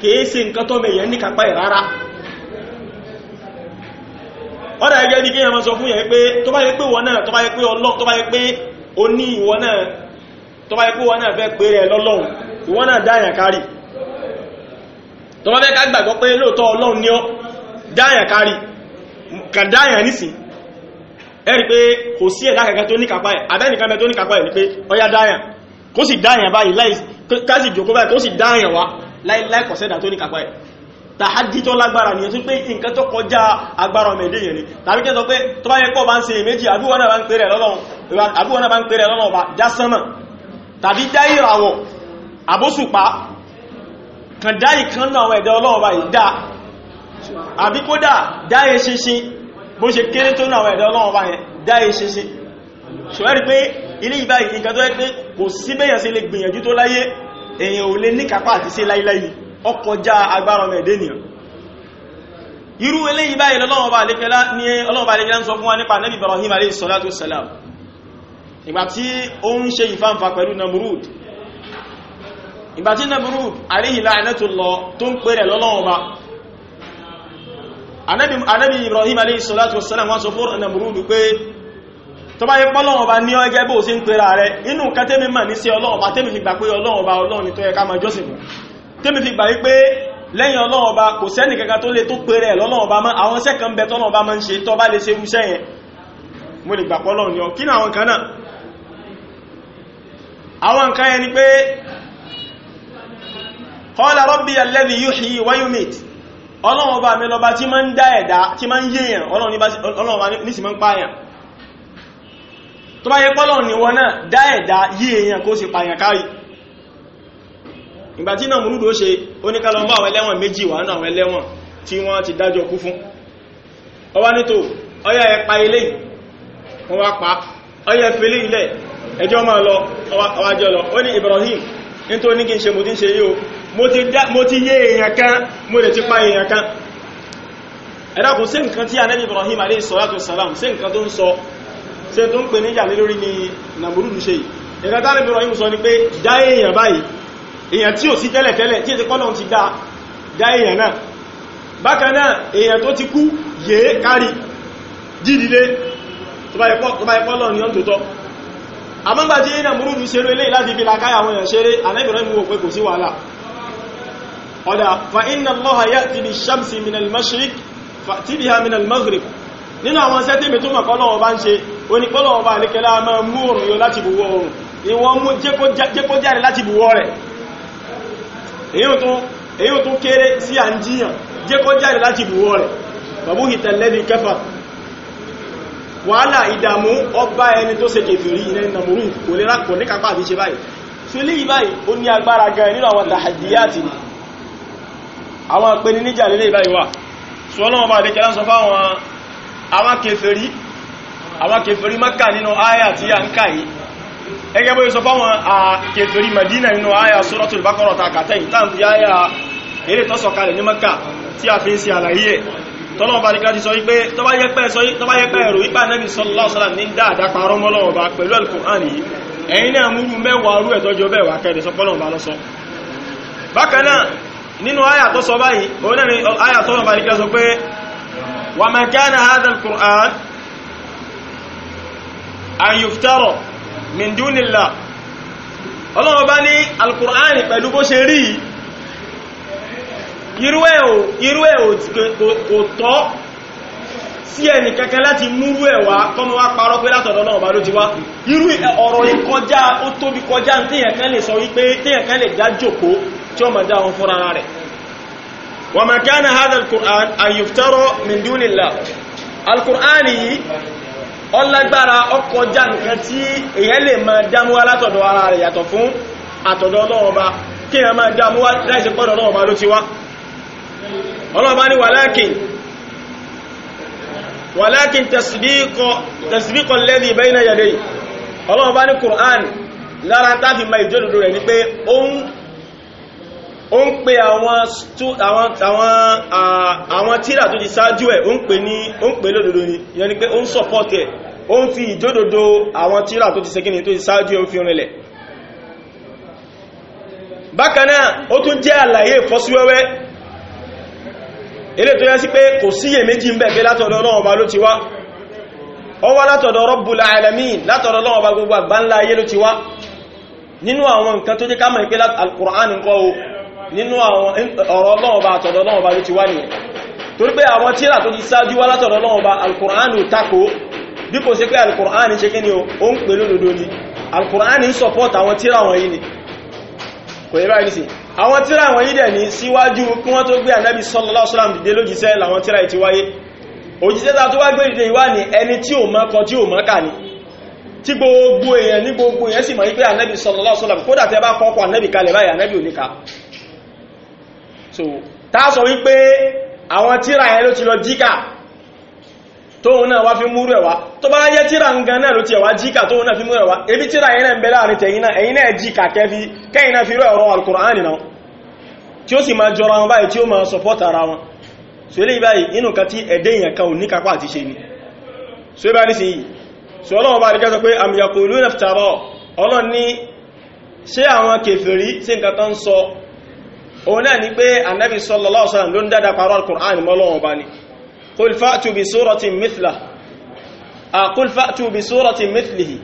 kìí ṣe nǹkan tó mẹ́yẹ ní kápá ìrárá ọ́dá ẹgẹ́ ní kí ẹmọ sọ fún yẹ pé tó bá yẹ pé wọ́n náà tó bá yẹ pé ọlọ́run tó bá yẹ pé o ní ìwọ́n náà tó bá yẹ pé wọ́n náà fẹ́ pé rẹ̀ lọ́lọ́run ìwọ́n náà dáyàn kárì tó bá fẹ́ ká gbàgbọ́ pé lóòótọ́ ọlọ́run ní ọ dáyàn kárì kà dáyàn nísìn ẹ̀rí pé kò sí ẹ̀dá kankan tó ní kápá ẹ̀ abẹ́nìkan bẹ tó ní kápá ẹ̀ ni pé ọya dáyàn kó sì dáyàn báyìí láì kásì jòkó báyìí kó sì dáyàn wá láìláì kọ̀sẹ́dà tó ní kàpá ẹ̀ tàhájí tó lágbára nìyẹn tó pé nǹkan tó kọjá agbára ọmọ èdè yẹn ni tàbí kẹ́ sọ pé tó bá yẹ pọ̀ bá ń ṣe èméjì àbúwọ́n náà bá ń pèrè lọ́nà ọba jásánmà tàbí dá ìràwọ̀ àbóṣùpá kan dá ìkan náà àwọn ẹ̀dẹ́ ọlọ́run ọba yìí dá àbí kódà dá eṣinṣin bó ṣe kéré èyàn ò lè níkàpá àti ṣe láíláí ọkọjá agbára ọmọ ẹ̀dẹ́ nìyàn irú eléyìí báyìí lọ́wọ́ bá lékẹ́lá ní ọlọ́wọ́ bá lékẹ́lá ń sọ fún wa nípa nẹ́bí Ibrahim alayhi salatu wassalam ìgbà tí ó ń ṣe ìfàǹfà pẹ̀lú Namrud ìgbà tí Namrud alayhi la'natullah tó ń Ibrahim alayhi salatu wassalam wọ́n sọ fún tó bá yẹ pọ́lọ́wọ́n ọba ní ọgẹ́ bó ṣe ń pera rẹ inú nǹkan tẹ́mi mà ní sí ọlọ́wọ́n ọba tẹ́mi fi gbà pé ọlọ́wọ́n ọba ọlọ́run ni tó yẹ ká máa jọ́sìn fún tẹ́mi fi gbà wípé lẹ́yìn ọlọ́wọ́n ọba kò sẹ́ni kankan tó lè tó pera ẹ̀ lọ́lọ́wọ́n ọba mọ́ àwọn iṣẹ́ kan bẹ tọ́lọ́wọ́n ọba máa ń ṣe tó bá lè ṣe irúṣẹ́ yẹn mo lè gbà pọ́lọ́wọ́n ni ọ kí ni àwọn kan náà àwọn nǹkan yẹn ni pé qala rabbi alladhi yuhyi wa yumit ọlọ́wọ́n ọba mi lọ́ba tí máa ń dá ẹ̀dá tí máa ń yéèyàn ọlọ́wọ́n ní ń pààyàn tó bá yẹ pọ́lọ̀ ní wọn náà dá ẹ̀dá yí èèyàn kó sì pààyàn kárí ìgbà tí náà múrúdó ṣe oníkálọ́mbà àwọn ẹlẹ́wọ̀n méjì wà náà àwọn ẹlẹ́wọ̀n tí wọ́n ti dájọ́ kú fún ọwá nítò ọyá ẹ pa ilé wọ́n wá pa ọyá ẹ ilẹ̀ ẹjọ́ máa lọ ọwájọ́ lọ ó ní Ibrahim nítorí ní kí n ṣe mo ti ń ṣe yíò mo ti yé èèyàn kan mo lè ti pa èèyàn kan ẹ̀dàkùn sí nǹkan tí Ànábì Ibrahim alayhi salatu wassalam sí nǹkan tó ń sọ ṣe tó ń pè ní yàlé lórí ni nàmúrúdù ṣe yìí ẹ̀ka tá níbi Ibrahim sọ ni pé dá èèyàn báyìí èèyàn tí ò sí tẹ́lẹ̀ tẹ́lẹ̀ tí èsì pọ́lọ̀ ti dá dá èèyàn náà bákan náà èèyàn tó ti kú yèé kárí jídìde tó bá yẹ pọ́lọ̀ ní ọ̀tọ̀tọ̀ àmọ́gbà tí nàmúrúdù ṣeré lè láti fi làkáyà àwọn èèyàn ṣeré ànábì Ibrahim wò pé kò sí wàhálà ọ̀dà fa inna Allaha ya'ti bi shamsi min al-mashriq fa'ti biha min al nínú àwọn sẹ́tẹ̀mì tó mọ̀kọ́ lọ́wọ́ bá ń ṣe oníkọ́lọ́wọ́ bá àlékẹ́lá máa mú òrùn yóò láti bùwọ́ òrùn ìwọ́n mú jẹ́kó jáde láti bùwọ́ rẹ̀ èyí tó kéré sí à ń jíyàn jẹ́kó jáde láti bùwọ́ rẹ̀ bàbú ìtẹ̀lẹ́bì kẹfà wàhálà ìdààmú ọba ẹni tó ṣe kèfèrí ilẹ̀ ìnàmúrù kò lè rákò ní kápá àti ṣe báyìí tí ilé ìbáyìí ó ní agbára gan nínú àwọn tàhàdìyàtì àwọn ìpèníjà lélẹ̀ ìbáyìí wà sọ́lọ́wọ́ bá àdékẹ́lá sọ fáwọn àwọn kèfèrí àwọn kèfèrí Mákà nínú àyà tí a ń kà yìí ẹgẹ́ sọ fáwọn kèfèrí Madina nínú àyà Suratul Baqara ta kàtẹ́ ìtàǹtí àyà eré tọ́sọ̀ kalẹ̀ ní Mákà tí a fi ń ṣe àlàyé ẹ̀ tọ́lọ́wọ́ bá nígbàtí sọ wípé tọ́bá yẹ pẹ́ ẹ̀rọ wípé Ànábì sallallahu alaihi wasallam ní dáadáa parọ́ mọ́lọ́wọ́ bá pẹ̀lú Al-Qur'an yìí ẹ̀yìn náà múrú mẹ́wàá rú ẹ̀tọ́jọ bẹ́ẹ̀ wà kẹ́ẹ̀dẹ̀ sọ pọ́lọ́wọ́ bá ni àyà tọ́lọ́wọ́ bá nígbà وما كان هذا القرآن أن يفترى من دون الله ọlọ́wọ́ bá ní alkùránì pẹ̀lú bó ṣe rí irú ẹ̀ kò tọ́ sí ẹni kankan láti múrú ẹ̀ wá kọ́mọ wá parọ́ pé látọ̀dọ̀ náà bá ló ti wá irú ọ̀rọ̀ ìkọjá ó tóbi kọjá tíyẹ̀kan lè sọ wípé tíyẹ̀kan lè dá jòkó tí ó mọ̀ dá wọn rẹ̀ وما كان هذا القرآن أن يفترى من دون الله القرآن ọlágbára ọkọ̀ já nǹkan tí èyàn lè máa dámúwá látọ̀dọ̀ ara rẹ̀ yàtọ̀ fún àtọ̀dọ̀ Ọlọ́run Ọba kí èyàn máa dámúwá láìsí pọ́dọ̀ Ọlọ́run Ọba ló ti wá Ọlọ́run Ọba ní walakin walakin tasdiqa alladhi bayna yadayhi Ọlọ́run Ọba ní Qur'an lára tábì máa ìjọ́dọ̀dọ̀ rẹ̀ ní pé ó ń ó ń pè àwọn tíra tó ti sáájú ẹ̀ ó ń pè ní ó ń pè ni ìyẹn ni pé ó ń support ẹ̀ ó ń fi ìjódodo àwọn tíra tó ti sẹ́kíní tó ti sáájú ẹ̀ ó fi rinlẹ̀ bákan náà ó tún jẹ́ àlàyé ìfọ́síwẹ́wẹ́ ilé tó yẹ sí pé kò síyè méjì ń bẹ̀ látọ̀dọ̀ náà gbogbo nínú àwọn ọ̀rọ̀ Ọlọ́run bá àtọ̀dọ̀ Ọlọ́run bá ló ti wá nìyẹn torí pé àwọn tíra tó ti sáájú wá látọ̀dọ̀ Ọlọ́run bá alkùránù takò bí kò sí pé alkùránù ṣe kí ni ó ń pè lódodo ni alkùránù ń support àwọn tíra wọ̀nyí ni kò yẹ báyìí sí àwọn tíra wọ̀nyí dẹ̀ ní síwájú kí wọ́n tó gbé ànábì sallallahu alaihi wasallam dìde lójíṣẹ́ làwọn tíra ti wáyé òjíṣẹ́ ta tó wá gbé dìde ìwá ni ẹni tí ò mọ̀ gbogbo èèyàn ní gbogbo èèyàn sì mọ̀ wípé ànábì sallallahu alaihi kódà tẹ bá kọ́kọ́ ànábì kalẹ̀ báyìí ànábì ò so táàsọ wípé àwọn tíra ẹ̀ ló ti lọ jíkà tóun náà wá fi múrú ẹ̀wá tó bá jẹ́ tíra ń gan náà ló ti ẹ̀wá jíkà tóun náà fi múrú ẹ̀wá ebi tíra ẹ̀ náà ń bẹ láàrin tẹ̀yìn náà ẹ̀yìn náà jíkà kẹfí kẹ́yìn náà fi rú ọ̀rọ̀ alukur'ani náà tí ó sì máa jọra wọn báyìí tí ó máa support ara wọn so eléyìí báyìí inú kan tí ẹ̀dẹ́ èèyàn kan ò ní kápá àti ṣe ni so bá ní sí yìí so ọlọ́run bá dìkẹ́ sọ pé àmìyàkùn ìlú naftarọ ọlọ́run ní ṣé àwọn kèfèrí sí nǹkan tán sọ òun náà ni pé annabi sallallahu alaihi wasallam ló ń dada parọ́ al-Qur'an mọ́lọ́wọ́ bá ní qul fa'tu bi suratin mithlihi a qul fa'tu bi suratin mithlihi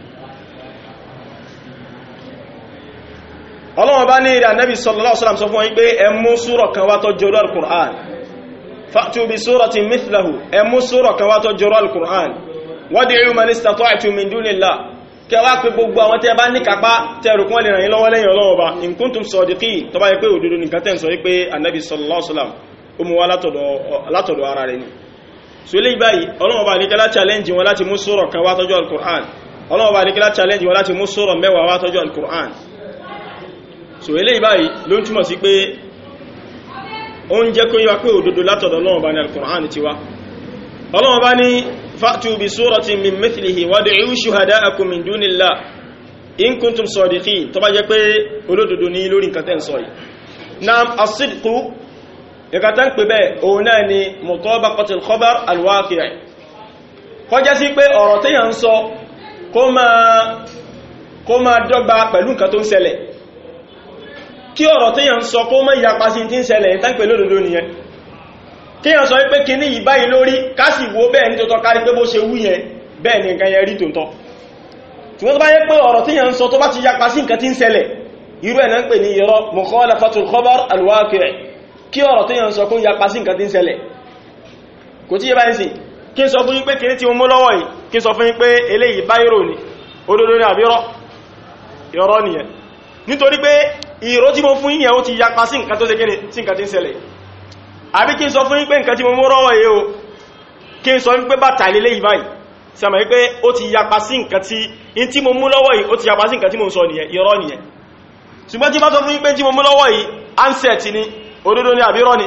ọlọ́wọ́ bá ní ìrìn annabi sallallahu alaihi wasallam sọ fún wọn pé ẹ mú súrọ̀ kan wá tó jọrọ al fa'tu bi suratin mithlihi ẹ mú súrọ̀ kan wá tó jọrọ al wad'u man istata'tum min dunillah kẹwàá pé gbogbo àwọn tí ẹ bá níkàpá tẹ́rù kún ẹlẹ́rìn lọ́wọ́ lẹ́yìn Ọlọ́run Ọba in kuntum sadiqi tó bá yẹ pé òdodo nìkan tẹ́ ń sọ wípé Ànábì sallallahu alaihi wá látọ̀dọ̀ ara rẹ̀ ni so ilé ìbáyìí Ọlọ́run Ọba challenge wọn láti mú sọ̀rọ̀ kan wá tọ́jú al challenge wọn láti mú sọ̀rọ̀ mẹ́wàá al so ilé ìbáyìí ló ń túmọ̀ sí pé ó ń jẹ́ kó pé látọ̀dọ̀ al فأتوا بسورة من مثله وادعوا شهداءكم من دون الله إن كنتم صادقين طبعا يقول أولو دوني لوري كتن صوي نعم الصدق يكتن قباء أوناني مطابقة الخبر الواقع kọjá sí pé ọ̀rọ̀ tí yà ń sọ kó máa dọ́gba pẹ̀lú nǹkan tó ń ṣẹlẹ̀ kí ọ̀rọ̀ tí yà ń sọ kó máa yapa sí tí ń ṣẹlẹ̀ ìtànkpẹ̀ lódòdó nìyẹn kíyàn sọ wípé kíní yìí báyìí lórí kásì wo bẹ́ẹ̀ ní tòótọ́ kárí pé bó ṣe wú yẹn bẹ́ẹ̀ ni nǹkan yẹn rí tòótọ́ ṣùgbọ́n tó bá yẹ pé ọ̀rọ̀ tíyàn ń sọ tó bá ti yapa sí nǹkan tí ń ṣẹlẹ̀ irú ẹ̀ náà ń pè ní irọ́ mukhalafatul khabar al-waqi' kí ni òdodo ni àbírọ́ irọ́ nìyẹn nítorí pé ìró àbí kí n sọ fún yín pé nǹkan tí mo mú rọ́wọ́ yìí o kí n sọ yín pé bàtà ilé yìí báyìí sàmà yìí pé ó ti yapa sí nǹkan tí in tí mo mú lọ́wọ́ yìí ó ti yapa sí nǹkan tí mo sọ nìyẹn irọ́ nìyẹn ṣùgbọ́n tí bá sọ fún yín pé tí mo mú lọ́wọ́ yìí ansẹ̀tì ni òdodo ni àbí rọ́ ni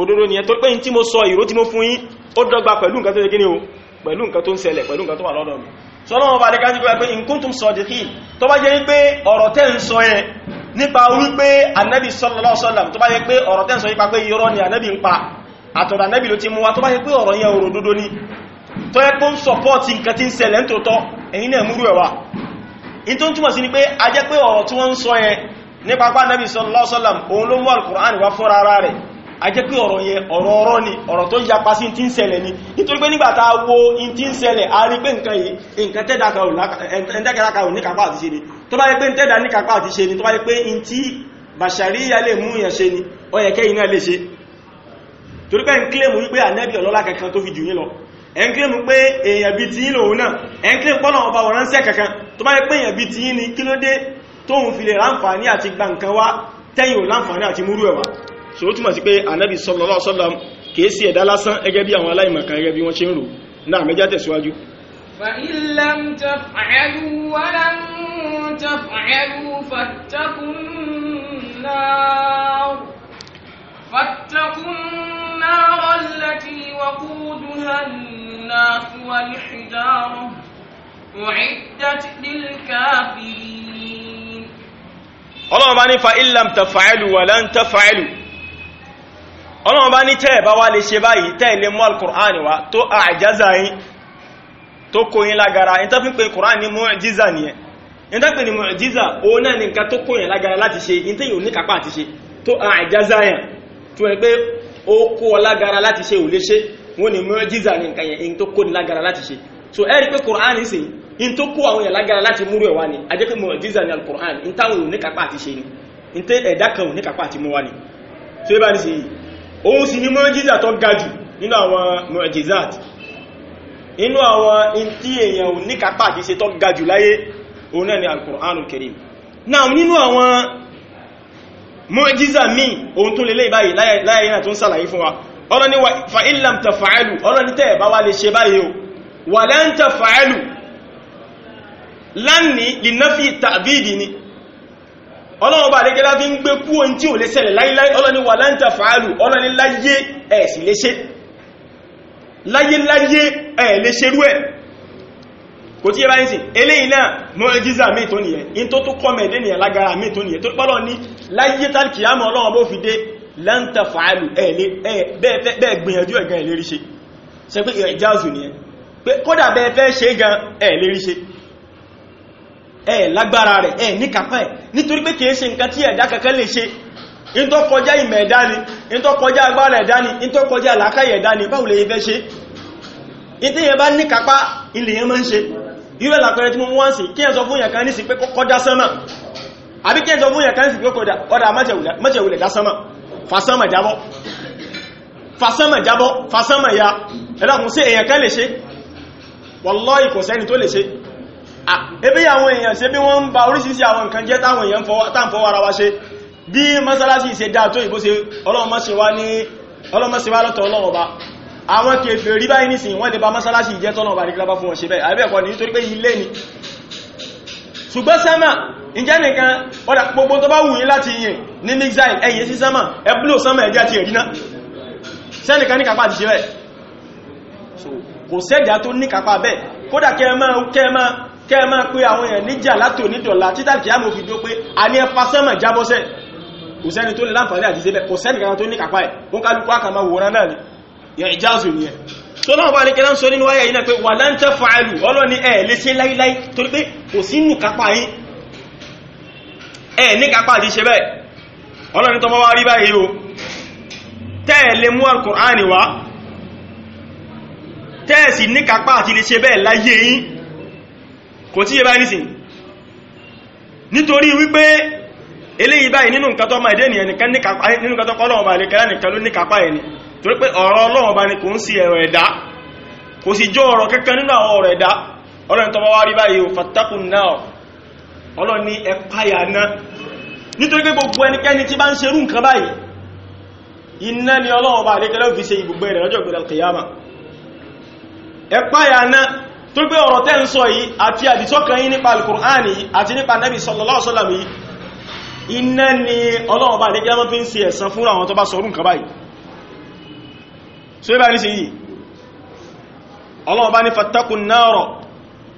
òdodo nìyẹn tó pé in tí mo sọ ìró tí mo fún yín ó dọ́gba pẹ̀lú nǹkan tó ṣe kíni o pẹ̀lú nǹkan tó ń ṣẹlẹ̀ pẹ̀lú nǹkan tó wà lọ́dọ̀ mi sọlọ́wọ́n bá dé ká pé in tó ń sọ nípa wípé ànábì sallallahu alaihi wasallam tó bá yẹ pé ọ̀rọ̀ tẹ́sọ yípa pé irọ́ ni ànábì ń pa àtọ̀dọ̀ ànábì ló ti mú wa tó bá yẹ pé ọ̀rọ̀ yẹn ọ̀rọ̀ dúdú ni tó yẹ pé ń sọpọ́ọ̀tì nǹkan tí ń sallallahu alaihi wasallam òun ló mú alukur'an wá fúnra ara rẹ̀ a jẹ́ ni ọ̀rọ̀ tó yapa sí ti ń ṣẹlẹ̀ ni nítorí pé nígbà tá a wo ti ń ṣẹlẹ̀ a rí pé nǹkan yìí ni tó bá yẹ pé ń tẹ́dà ní kápá àti ṣe ni tó bá yẹ pé ń tí bàṣàríyà lè mú yàn ṣe ni ó yẹ kẹ́yìn náà lè ṣe torí pé ń kílèmù wípé ànẹ́bì ọlọ́lá kankan tó fi jù yín lọ ẹ̀ ń kílèmù pé èèyàn bíi ti yín lòun náà ẹ̀ ń kílèmù pọ́nà ọba wọ̀n ránṣẹ́ kankan tó bá yẹ pé èèyàn bíi ti yín ni kí ló dé tóun fi lè láǹfààní àti gba nǹkan wá tẹ́yìn ò láǹfààní àti múrú ẹ̀wà so ó túmọ̀ sí pé ànẹ́bì sallallahu alaihi wasallam fa illam taf'alu wala فعلوا فاتقوا النار فاتقوا النار التي وقودها الناس والحجارة أعدت للكافرين ọlọ́run bá ní fa illam tafa'alu wa lan tafa'alu ọlọ́run bá ní tẹ́ẹ̀ bá wá lè ṣe báyìí tẹ́ẹ̀ lè mú al tó àjáza tó kò yín lágara ìtàfin pé Qur'an ní mu'jiza nìyẹn ìdápẹ̀ ni mọ̀jíza òun náà ni nǹkan tó kóyàn lágara láti ṣe in tí yóò ní kápá àti ṣe tó àjázáyàn tó ẹ pé ó kó ọ lágara láti ṣe ò lè ṣe wọ́n ni mọ̀jíza ni nǹkan yẹn tó kó ni lágara láti ṣe so ẹ pé Qur'an sì in tó kó àwọn yẹn lágara láti múrú ẹ̀ wá ni a pé mọ̀jíza ni al-Qur'an in táwọn yóò ní kápá àti ṣe ni in tẹ́ ẹ̀dá kan ò ní kápá àti mú wá ni so ibà ní sí yìí òun sì ni mọ̀jíza tó ga jù òun náà ni alkùránù kẹrìm náà nínú àwọn mọ́jíza mi ohun tó lélẹ́ báyìí láyé náà tó ń sàlàyé fún wa ọlọ́ni fa illam tafa'alu ọlọ́ni tẹ́ bá wá lè ṣe báyìí o wà lan tafa'alu lánni lè náfi tàbídì ni ọlọ́wọ́ bá lẹ́gẹ́ láti ń gbé kú ohun tí ò lè ṣẹlẹ̀ láíláí ọlọ́ni wà lan tafa'alu ọlọ́ni láyé ẹ̀ sì lè ṣe láyé láyé ẹ̀ lè ṣerú ẹ̀ kò tí yẹ báyìí sí eléyìí náà mọ́jíza mi tó nìyẹn in tó tó kọ́mẹ̀dé nìyẹn lágara mi tó nìyẹn tó pọ́lọ̀ ní láyé tàbí àmọ́ ọlọ́wọ́ bó fi dé láńtà fàálù bẹ́ẹ̀ gbìyànjú ẹ̀gan ẹ̀ lérí ṣe ṣe pé ìjáàzù nìyẹn pé ṣe gan ni in tó kọjá agbára ẹ̀dá ni in tó kọjá làákàyè ẹ̀dá ni báwo lè yẹ fẹ́ ṣe in tí yẹn bá ní kápá ilẹ̀ yẹn máa ń ṣe irú ẹ̀làpẹrẹ tí mo mú wá sí kí ẹ̀ sọ fún ìyàkan ní sí pé kọjá sánmà àbí kí ẹ̀ sọ fún ìyàkan ní sí pé kọjá mọ́tẹ̀wulẹ̀ dá sánmà fásánmà jábọ́ fásánmà jábọ́ fásánmà ya ẹ̀dàkùn sí èèyàn kan lè ṣe wallahi kò sẹ́ni tó lè ṣe ebe àwọn èèyàn ṣe bí wọ́n ń ba oríṣiríṣi àwọn nǹkan jẹ́ táwọn èèyàn tàǹfọ́ ara wa ṣe bí mọ́sálásí ìṣẹ́dá tó ìbó ṣe ọlọ́mọ́síwá lọ́tọ̀ ọlọ́wọ́ àwọn kèfè rí báyìí nìsìn wọ́n lè ba mọ́sálásí ìjẹ́ tọ́nà bá nígbà bá fún wọn ṣe bẹ́ẹ̀ àbẹ́ẹ̀kọ́ ni nítorí pé ilé ni ṣùgbọ́n sẹ́mà ìjẹ́ nìkan ọ̀dà gbogbo tó bá wù yín láti yìn ní mixile ẹ̀yìn sí sẹ́mà ẹ̀bùlò sẹ́mà ẹ̀jẹ́ àti ẹ̀dínà sẹ́nìkan ní kápá àti ṣe bẹ́ẹ̀ kò sẹ́jà tó ní kápá bẹ́ẹ̀ kódà kẹ́ẹ̀má pé àwọn èèyàn níjà látò nítọ̀lá títà kìí àmò ẹ̀ ìjáàzù nìyẹn tó náà bá nìkẹ́lá ń sọ nínú ayà iná pé wà láńtẹ́ fàálù ọlọ́ni ẹ̀ lè ṣe láíláí torí pé kò sínú kápá yín ẹ̀ ní kápá àti ṣe bẹ́ẹ̀ ọlọ́ni tọmọ wá rí báyìí eléyìí báyìí nínú nǹkan tó ọmọ ẹ̀dẹ́ nìyẹn nìkan ní kápá nínú torí pé ọ̀rọ̀ ọlọ́run bá ní kò ń sí ẹ̀rọ ẹ̀dá kò sì jọ ọ̀rọ̀ kankan nínú àwọn ọ̀rọ̀ ẹ̀dá ọlọ́run tọba wá rí báyìí fatakun náà ọlọ́run ní ẹ̀páyà náà nítorí pé gbogbo ẹnikẹ́ni tí bá ń ṣerú nǹkan báyìí iná ni ọlọ́run bá lékẹ́lẹ́ fi ṣe ibùgbé rẹ̀ lọ́jọ́ gbẹ̀rẹ̀ kìyàmà ẹ̀páyà náà so ibá níṣe yìí ọlọ́wọ́ bá ní fattakun náàrọ̀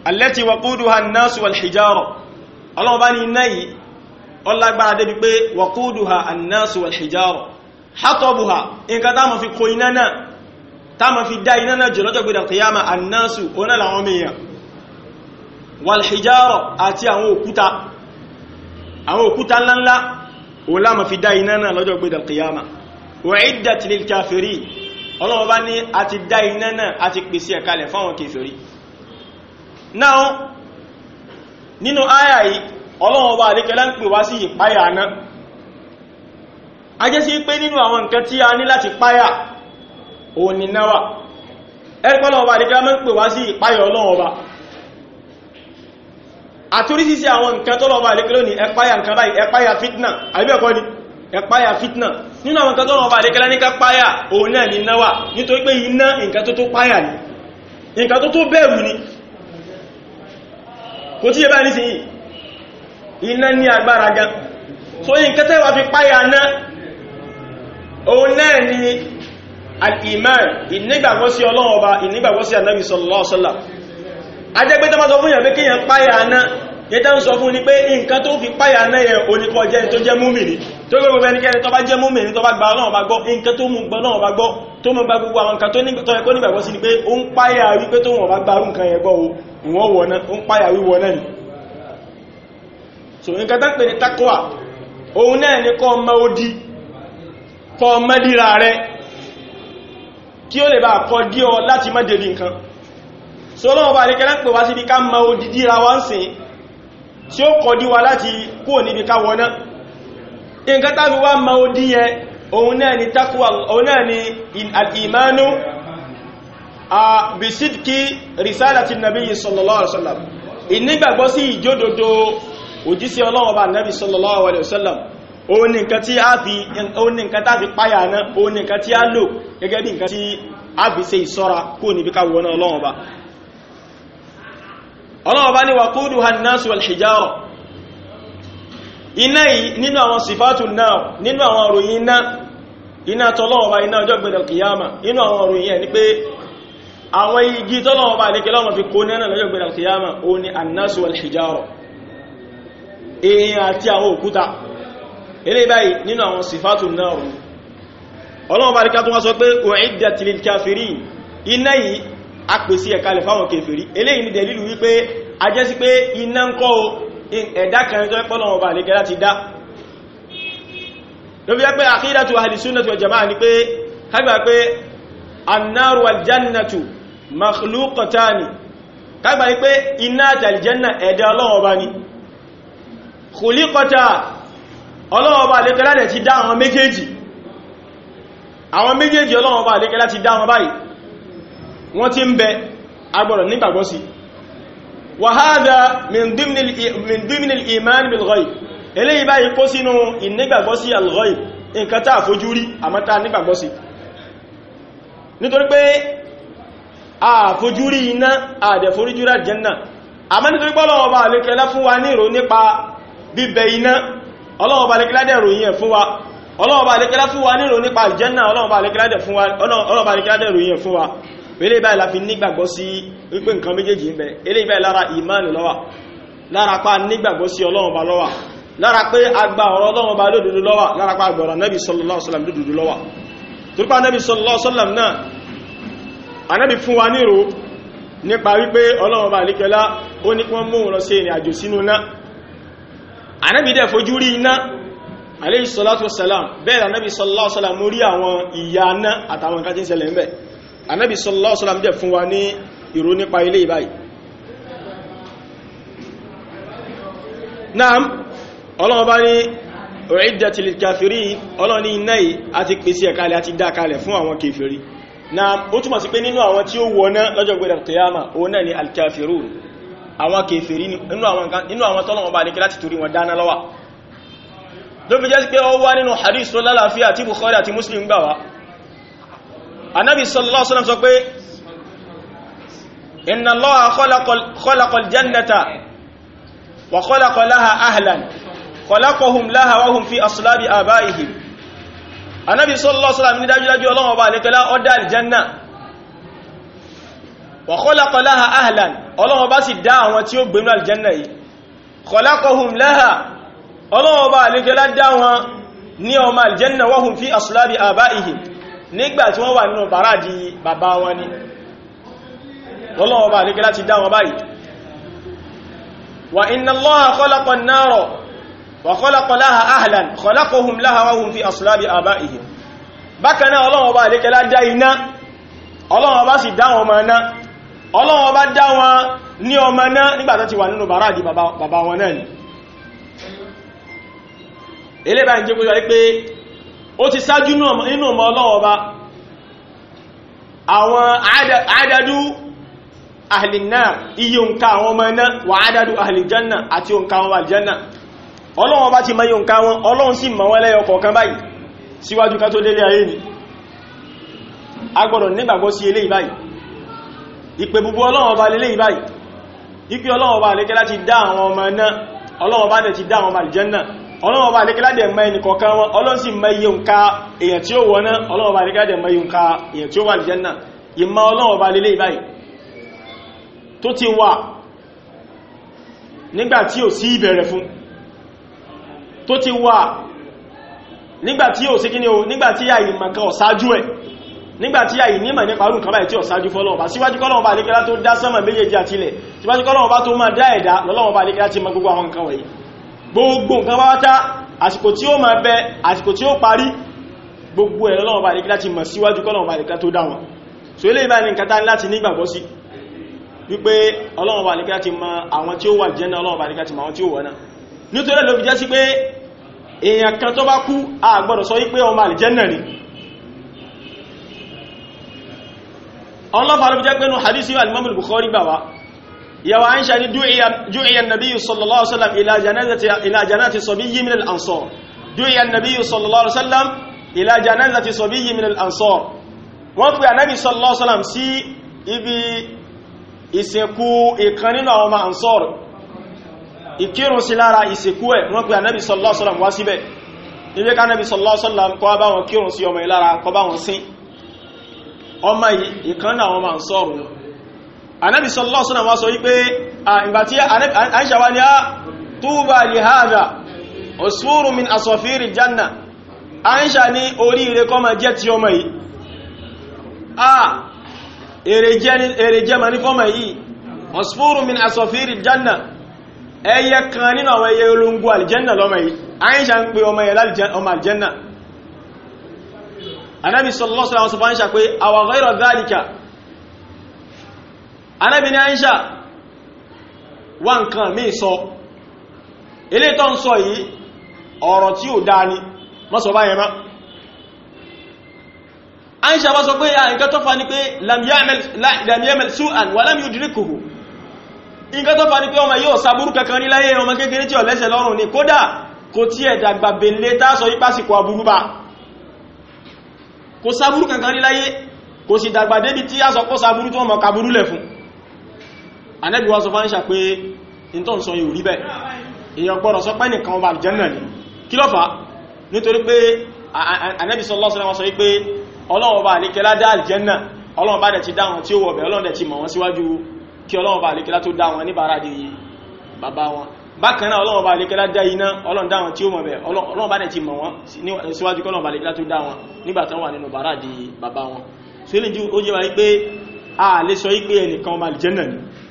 allati waquduha an-nasu wal hijara ọlọ́wọ́ bá ní iná yìí ọlágbára débi pé waquduha an-nasu wal hijara hatabuha nǹkan tá ma fi kó iná náà tá ma fi dá iná náà jù lọ́jọ́ gbé dàkìyàmà an-nasu oná làwọn náà ọlọ́wọ́ bá ní a ti dá iná náà a ti pèsè ẹ̀kalẹ̀ fáwọn kèfèrí náà nínú àyà yìí ọlọ́wọ́ bá àríkẹ́lá ń pè wá sí ìpáyà náà a jẹ́ sí pé nínú àwọn nǹkan tí a ní láti páyà òní náwà ẹ̀rẹ́pọ̀lọ́wọ́ bá àríkẹ́lá ń pè wá sí ìpáyà ọlọ́wọ́ bá fitna àbí ẹ̀kọ́ ni fitna nínú àwọn nǹkan tọ́lọ̀ ọba àdékẹ́lá ní ká páyà òun náà ní náwà nítorí pé iná nǹkan tó tó páyà ní nǹkan tó tó bẹ̀rù ní kò tí yẹ bá ní sí iná ní agbára gan so nǹkan tẹ́wà fi páyà náà òun náà ní al-iman ìnígbàgbọ́ sí Ọlọ́run ọba ìnígbàgbọ́ sí Ànábì sallallahu alaihi wasallam yẹta ń sọ fún ní pé nǹkan tó fi páyà náà oníkọ́ jẹ́ tó jẹ́ múmìnì tó gbogbo ẹnikẹ́ni tó bá jẹ́ múmìnì tó bá gba Ọlọ́run bá gbọ́ nǹkan tó mú gbọ́ náà bá gbọ́ tó mú gba gbogbo àwọn nǹkan tó nígbàgbọ́ sí ni pé ó ń páyà wípé tó wọ́n bá gbarú nǹkan yẹn gbọ́ ìwọ́n wọ̀ náà ó ń ni so nǹkan tán pè ní takwa òun náà ní kọ́ ọmọ odi kọ́ ọmọ dìra rẹ kí ó tí ó kọ̀díwa láti kó níbi káwọná nǹkan tàbí wá ma ó díyẹ òun náà ni takwa òun náà ni al'imanu a bisidki risalati nabi sallallahu alaihi wasallam ìnígbàgbọ́ sí ìjódodo òjíṣẹ́ Ọlọ́run nabi sallallahu alaihi wasallam òun ni nǹkan tí a fi òun ni nǹkan tàbí páyà náà òun ni nǹkan tí a lò gẹ́gẹ́ bí nǹkan tí a fi ṣe ìṣọ́ra kó níbi káwọná Ọlọ́run bá ọlọ́wọ́ bá ní wàkúdù hannasu alhijaro iná yìí nínú àwọn sifatu náà nínú àwọn òròyìn iná iná tọ́lọ́wọ́ bá iná ọjọ́ gbẹ̀dẹ̀ kìyàmà nínú àwọn òròyìn ẹ̀ ní pé àwọn igi tọ́lọ́wọ́ bá lékẹ́ lọ́wọ́ fi kó nẹ́nà lọ́jọ́ gbẹ̀dẹ̀ kìyàmà ó ní hannasu alhijaro a pè sí ẹ̀kalẹ̀ fáwọn kèfèrí eléyìí ni dẹ̀lìlù wípé a jẹ́ sí pé iná ń kọ́ o ẹ̀dá kan tó pọ́lọ̀ wọn bà lè gẹ́ láti dá ló fi pé àkídàtù ahìlìsúnnàtù jama'a ni pé kágbà pé annaru aljannatu makhluqatani kágbà ni pé iná àti wọ́n ti ń bẹ agbọ̀rọ̀ nígbàgbọ́ sí wa hadha min dimni al-iman bil-ghaib eléyìí báyìí kó sínú ìnígbàgbọ́ sí al-ghaib nǹkan tá àfojú rí àmọ́ta nígbàgbọ́ sí nítorí pé àfojú rí iná àdẹ̀foríjúra jẹ́nà àmọ́ nítorí pé ọlọ́wọ́ bá alékẹ́lá fún wa ní ìrò nípa bíbẹ iná ọlọ́wọ́ bá alékẹ́lá dẹ̀ ròyìn ẹ̀ fún wa ọlọ́wọ́ ilé ìbáyìí la fi nígbàgbọ́ sí wípé nǹkan méjèèjì ń bẹ ilé ìbáyìí lára ìmáànì lọ́wà lára pa nígbàgbọ́ sí ọlọ́run ba lọ́wà lára pé agba ọ̀rọ̀ ọlọ́run ba lódodo lọ́wà lára pa agbọ̀rọ̀ nẹ́bì sallallahu alaihi wasallam lódodo lọ́wà torípa sallallahu alaihi wasallam náà anẹ́bì fún wa nírò nípa wípé ọlọ́run ba àlíkẹ́lá ó ní kí wọ́n mú lọ sí ìrìn àjò sallallahu alaihi wasallam mú rí àwọn anábì sallallahu alaihi wasallam dẹ̀ fún wa ní ìró nípa ilé ìbáyìí náà ọlọ́wọ́ bá ní uiddatil kafiri ọlọ́ni iná yìí a ti pèsè ẹ̀kalẹ̀ àti dákalẹ̀ fún àwọn kèfèrí na ó túnmọ̀ sí pé nínú àwọn tí ó wọná lọ́jọ́ gbẹ̀rẹ̀ kìyàmà ó náà ni alkafiru àwọn kèfèrí nínú àwọn tọ́lọ̀wọ́ bá ní kí láti torí wọn dáná lọ́wà ló fi jẹ́ sí pé ó wá nínú hadith tó lálàáfíà Muslim gbà anábi sallallahu alaihi wasallam sọ pé inna Allaha khalaqal jannata wa khalaqa laha ahlan khalaqahum laha wa hum fi aslabi abaihim anábi sallallahu alaihi wasallam ní dájúdájú ọlọ́wọ́ bá lẹ́kẹ́lá ọdá aljanna wa khalaqa laha ahlan ọlọ́wọ́ bá sì dá àwọn tí ó gbénú aljanna yìí khalaqahum laha ọlọ́wọ́ bá lẹ́kẹ́lá ní ọmọ aljanna wa hum fi aslabi abaihim nígbà tí wọ́n wà nínú bàrájì bàbá wọn ni lọ́lọ́wọ́ bá ní kí láti dá wọn báyìí wa inna Allaha khalaqa an-nara wa khalaqa laha ahlan khalaqahum laha wa hum fi aslabi aba'ihim bákan náà iná Ọlọ́run bá sì wà nínú bàrájì bàbá wọn náà ni ilé bá ń jẹ́ O ti sáájú nínú ọmọ ọlọ́wọ́ bá àwọn àádádú àhìlìnà iye òǹkà àwọn ọmọ iná wà àádádú àhìlìjánà àti òǹkà àwọn àlìjánà ọlọ́wọ́ bá ti mọ onka òǹkà wọn ọlọ́run sì mọ̀ wọ́n lẹ́yọ kọ̀ọ̀kan báyìí síwájú ká tó délé ayé ni a gbọ́dọ̀ nígbàgbọ́ sí eléyìí báyìí ìpè búbú ọlọ́wọ́ bá ti dá àwọn ọmọ ọlọ́wọ́ bá àdékẹ́lá dẹ̀ mọ ẹnì kọ̀ọ̀kan wọn ọlọ́run sì mọ iye nǹka èèyàn tí ó wọ náà ọlọ́wọ́ bá àdékẹ́lá dẹ̀ mọ iye nǹka èèyàn tí ó wà lìjẹ́ náà ìmọ̀ ọlọ́wọ́ bá lélẹ́ ìbáyìí tó ti wà nígbà tí ò sí ìbẹ̀rẹ̀ fún tó ti wà nígbà tí ò sí kí ni o nígbà tí àyè màkà ọ̀sájú ẹ̀ nígbà tí àyè nímọ̀ nípa orúkọ báyìí tí ọ̀sájú fọ́lọ́wọ́ bá síwájú kọ́lọ́wọ́ bá àdékẹ́lá tó dá gbogbo nǹkan wáwátá àsìkò tí ó máa bẹ àsìkò tí ó parí gbogbo ẹ̀rọ lọ́wọ́ bàdìkí láti mọ̀ síwájú kọ́lọ̀wọ́ bàdìkí tó dáwọn so ilé ìbá ní nǹkan tá láti nígbàgbọ́ sí wípé Ọlọ́run bàdìkí láti mọ àwọn tí ó wà jẹ́nà Ọlọ́run bàdìkí láti mọ àwọn tí ó wọ̀nà nítorí ló fi jẹ́ sí pé a gbọ́dọ̀ sọ wípé ọmọ àlìjẹ́nà ni ọlọ́fà ló fi ìyàwó àìṣà ní dúìyà nàbíyù sallallahu alaihi wasallam ila janazati sabiyyi min al-ansar dúìyà nàbíyù sallallahu alaihi wasallam ila janazati sabiyyi min al-ansar wọ́n pè ànábì sallallahu alaihi wasallam sí ibi ìsìnkú ìkan nínú àwọn ọmọ ansar ìkírùn sí lára ìsìnkú ẹ̀ wọ́n pè ànábì sallallahu alaihi wasallam wá síbẹ̀ nílé ká ànábì sallallahu alaihi wasallam kọ́ bá wọn kírùn sí ọmọ ìlara kọ́ bá wọn anábi sallallahu alaihi wasallam wá sọ wípé ìgbàtí Aisha wá ní a túbà lè hádà usfuru min asọ̀fíìrì janna Aisha ní orí ire kọ́ ma jẹ́ ti ọmọ yìí a èrè jẹ́ ma ní fọ́mọ yìí usfuru min asọ̀fíìrì janna ẹyẹ kan nínú àwọn ẹyẹ olóngbò aljanna lọ́mọ yìí Aisha ń pe ọmọ yẹ ọmọ aljanna anábi sallallahu alaihi wasallam sọ Ànábì ní Aisha wá nǹkan mí sọ ilé tó ń sọ yìí ọ̀rọ̀ tí ò dáa ni má sọ má Aisha wá sọ pé ya ah, nǹkan tó fa ni pé lam yamil su'an wa lam yudrikuhu nǹkan tó fa ni pé ọmọ yóò sàbúrú kankan ní láyé ọmọ kékeré tí ó lẹ́sẹ̀ lọ́rùn ni kódà kò tí ẹ̀ dàgbà belé tásọ yípásìkò aburú bá kò sàbúrú kankan ní kò sì dàgbà débi tí a sọ pọ́ sàbúrú tó mọ̀ kàbúrú lẹ̀ fún anẹ́bí wá sọ fún àìṣà pé ìntọ́ sọ yìí rí bẹ́ èyàn gbọ́rọ̀ sọ pé nìkan ọba àjẹ́nà ní kí lọ́fà nítorí pé anẹ́bí sọ lọ́sọ́lá wọn sọ wípé ọlọ́run ọba àlékẹ́lá dá àjẹ́nà ọlọ́run bá dẹ̀ ti dá wọn tí ó wọ̀ bẹ̀ ọlọ́run dẹ̀ ti mọ̀ wọn síwájú kí ọlọ́run ọba àlékẹ́lá tó dá wọn níbàárà di bàbá wọn bákan náà ọlọ́run ọba àlékẹ́lá dá iná ọlọ́run dá wọn tí ó mọ̀ bẹ̀ ọlọ́run bá dẹ̀ ti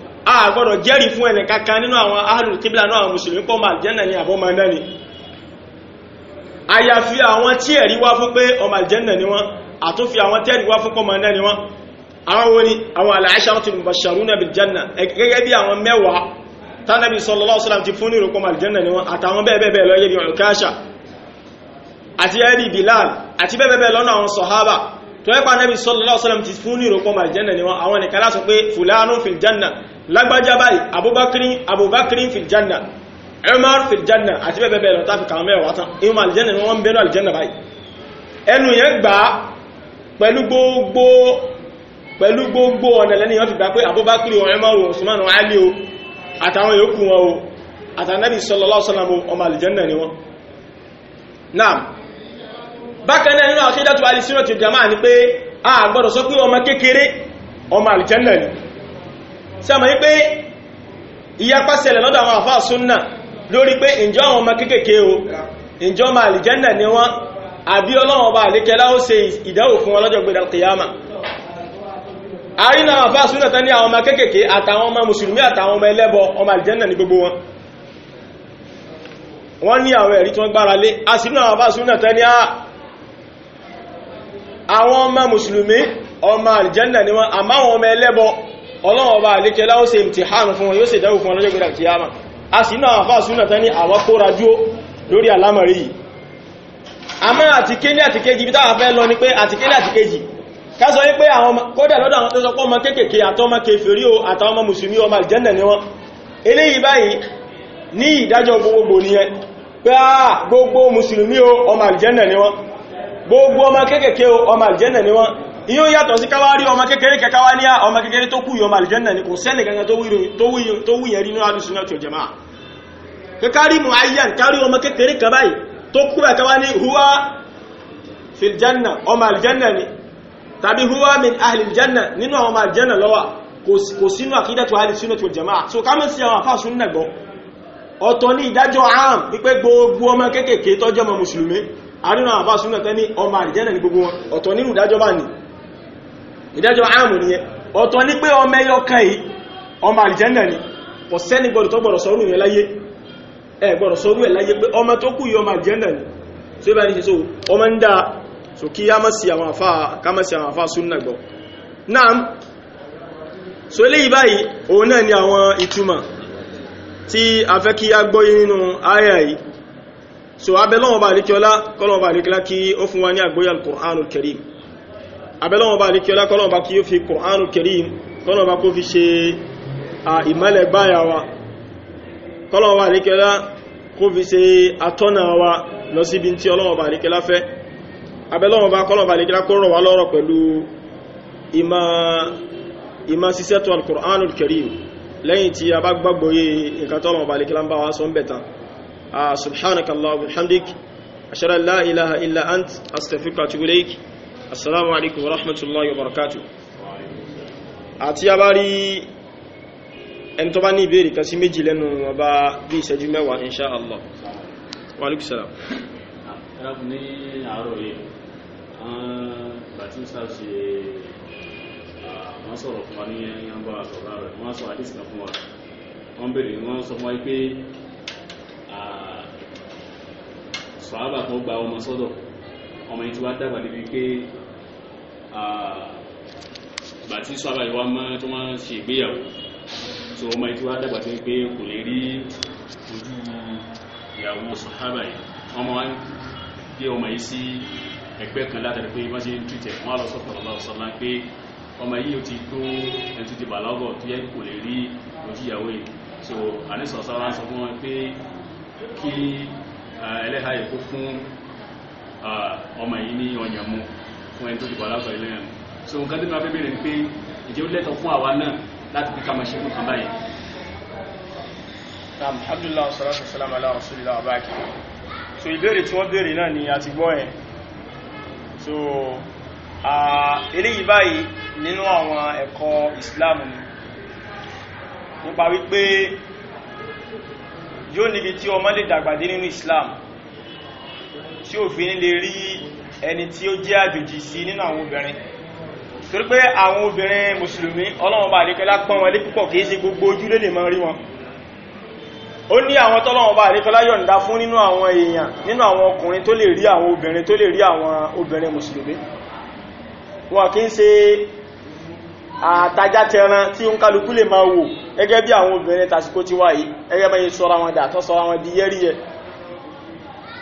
a gbọ́dọ̀ jẹ́rìí fún ẹnì kankan nínú àwọn ahlul kíbla náà àwọn mùsùlùmí pọ̀ máa jẹ́nà ní àbọ̀ máa náni àyàfi àwọn tí ẹ̀rí wá fún pé ọmọ àjẹ́nà ni wọ́n àtúnfi àwọn tí wá fún pọ̀ máa náni wọ́n àwọn wo ni àwọn al-asharatul mubashsharuna bil janna gẹ́gẹ́ bí àwọn mẹ́wàá tánàbí sallallahu lágbájá báyìí abubakrin abubakrin filjanna umar filjanna àti bẹ́ẹ̀ bẹ́ẹ̀ lọ táfi kàwọn mẹ́wàá tán inú aljanna ni wọ́n ń bẹ́nu aljanna báyìí ẹnu yẹn gbà pẹ̀lú gbogbo pẹ̀lú gbogbo ọ̀nà lẹ́ni wọ́n fi gbà pé abubakrin umar usman ali o àtàwọn yòókù wọn o àtànẹ́bì sallallahu alaihi wasallam ọmọ aljanna ni wọ́n náà bákanáà nínú àkídàtù alìsínà ti jama'a ni pé ọmọ aljanna ni ṣe àmà wípé ìyapa ṣẹlẹ̀ lọ́dọ̀ àwọn àfáà súnnà lórí pé ǹjọ́ àwọn ọmọ kéékèèké o ǹjọ́ ọmọ àlìjẹ́ndà ni wọ́n àbí ọlọ́run ọba àlékẹ́lá ó ṣe àwọn ọmọ mùsùlùmí ọmọ ẹlẹ́bọ ni gbogbo wọn wọ́n ní àwọn ẹ̀rí tí wọ́n gbára lé ni wọ́n àmáwọn ọmọ ẹlẹ́bọ ọlọ́run ọba àlékẹ́ láwọ́ ṣe ìmtìhánù fún wọn yóò ṣe ìdánwò fún ọlọ́jọ́ gbẹ̀rẹ̀ kìyàmà a sì náà àfá súnà tán ní àwọn kóra dúó lórí àlámọ̀rí yìí a mọ́ àtiké ní àtikéjì bí táwà fẹ́ lọ ni pé àtiké ní àtikéjì ká sọ wípé àwọn kódà lọ́dọ̀ àwọn tó sọ o àtàwọn ọmọ mùsùlùmí ọmọ ni wọ́n eléyìí báyìí ní ìdájọ́ gbogbogbò ni o ọmọ àlìjẹ́ndà ni wọ́n gbogbo ọmọ kéèkèé yíò yàtọ̀ sí káwà rí ọmọ kékeré kẹkàwà ní ah, ọmọ kékeré tó kú yọmọ aljanna ní kò sẹ́nì gangan tó wúyẹ̀ rí ní alùsùnàtò jama'a kíkárí mú ayyàn kárí ọmọ kékeré kàbáyì tó kú ẹ̀kàwà ní huwa filjanna ọmọ aljanna ni tàbí huwa min ahliljanna nínú ọmọ aljanna lọ́wà kò sínú àkídàtò alùsùnàtò jama'a so ká mọ́ sí àwọn afá sunna gbọ́ ọ̀tọ̀ ní ìdájọ́ àm wípé gbogbo ọmọ kékèké tọ́jọ́ ọmọ mùsùlùmí àrínà àbá súnà tẹ́ ní ọmọ àrìjẹ́nà ní gbogbo wọn ọ̀tọ̀ nínú ìdájọ́ bá ní ìdájọ́ ààmù ni ẹ ọ̀tọ̀ ní pé ọmọ ẹyọ kan yìí ọmọ àlìjẹ́nà ni kò sẹ́ni gbọ́dọ̀ tó gbọ́dọ̀ sọ́rù yẹn láyé ẹ gbọ́dọ̀ sọ́rù ẹ̀ láyé pé ọmọ tó kù yìí ọmọ àlìjẹ́nà so ibà ní ṣe so ọmọ ń dáa so kí ni àwọn ìtumọ̀ tí a fẹ́ kí a so abẹ́lọ́wọ́ bá àríkíọlá kọ́lọ́wọ́ bá àríkíọlá kí ó fún wa ní àgbóyà al-Qur'anul abẹ́lọ́wọ́n bá alékí ọlá kọ́lọ́wọ́n bá kí ó fi Qur'anul Karim kọ́lọ́wọ́n bá kó fi ṣe ìmọ́lẹ̀ gbáyà wa kọ́lọ́wọ́n bá alékí ọlá kó fi ṣe atọ́nà wa lọ síbi tí ọlọ́wọ́n bá alékí ọlá fẹ́ abẹ́lọ́wọ́n bá kọ́lọ́wọ́n bá alékí ọlá kó rọ̀ wá lọ́rọ̀ pẹ̀lú ìmọ̀ ìmọ̀ ṣiṣẹ́ tó Qur'anul Karim lẹ́yìn tí a bá gbàgbọ́ yé nǹkan tọ́lọ́wọ́n bá alékí ọlá ń bá wa sọ ń bẹ̀ta subhanakallahumma wa bihamdik ashhadu an la ilaha illa ant astaghfiruka wa atubu assalamu alaikum warahmatullahi wabarakatuh àti a bá rí ẹni tó bá ní ìbéèrè kan sí méjì lẹ́nu wọn bá bí ìṣẹ́jú mẹ́wàá insha Allah wa alaikum salam ẹ̀rọ̀kùn ní àárọ̀ yìí bàtí sáà ṣe wọ́n sọ̀rọ̀ fún wa ní yàmbá àtọ̀rọ̀ rẹ̀ wọ́n sọ àdìsí kan fún wa wọ́n bèèrè wọ́n sọ fún wa pé sọ̀rọ̀ àbàtọ̀ gba ọmọ sọ́dọ̀ ọmọ yìí ti wá dàgbà débi pé ìgbà tí sọ́ba yìí mọ́ tó wọ́n ṣe ìgbéyàwó so ọmọ yìí ti wá dàgbà débi pé kò lè rí ojú ìyàwó sọ́hábà yìí ọmọ wa gbé ọmọ yìí sí ẹgbẹ́ kan látàrí pé wọ́n ṣe ń tìtẹ̀ wọ́n á lọ sọ́kọ̀ lọ́wọ́ sọ́lá pé ọmọ yìí ó ti tó ẹni ti bàlágọ̀ tó yẹ kò lè rí ojú ìyàwó yìí so àníṣọ̀sọ́ wa sọ fún wọn pé kí ẹlẹ́hàá yìí kó fún ọmọ yìí ní ọyàn mu fún ẹni tó ti bọ̀lá sọ ilé ẹ̀mù so nǹkan tí wọ́n fẹ́ bèèrè pé ìjẹ́ ó lẹ́tọ̀ fún àwa náà láti fi kàmọ̀ ṣe fún kan báyìí alhamdulillah salatu wassalamu ala rasulillah wa baki so ìbéèrè tí wọ́n béèrè náà ni a ti gbọ́ yẹn so eléyìí báyìí nínú àwọn ẹ̀kọ́ ìsìláàmù ni nípa wípé yóò níbi tí ọmọ lè dàgbàdé nínú ìsìláàmù tí obìnrin lè rí ẹni tí ó jẹ́ àjòjì sí nínú àwọn obìnrin torí pé àwọn obìnrin mùsùlùmí ọlọ́wọ́n bá àdékọ́lá pọ́n wọn lé púpọ̀ kìí sí gbogbo ojúlé lè máa rí wọn ó ní àwọn tọ́lọ́wọ́n bá àdékọ́lá yọ̀ǹda fún nínú àwọn èèyàn nínú àwọn ọkùnrin tó lè rí àwọn obìnrin tó lè rí àwọn obìnrin mùsùlùmí wọn kìí ṣe àtajá tẹran tí ó ń kálukú lè máa wò gẹ́gẹ́ bí àwọn obìnrin tàsíkó ti wáyé gẹ́gẹ́ bá yẹ sọ́ra wọn dà tọ́ sọ́ra wọn di yẹ́rí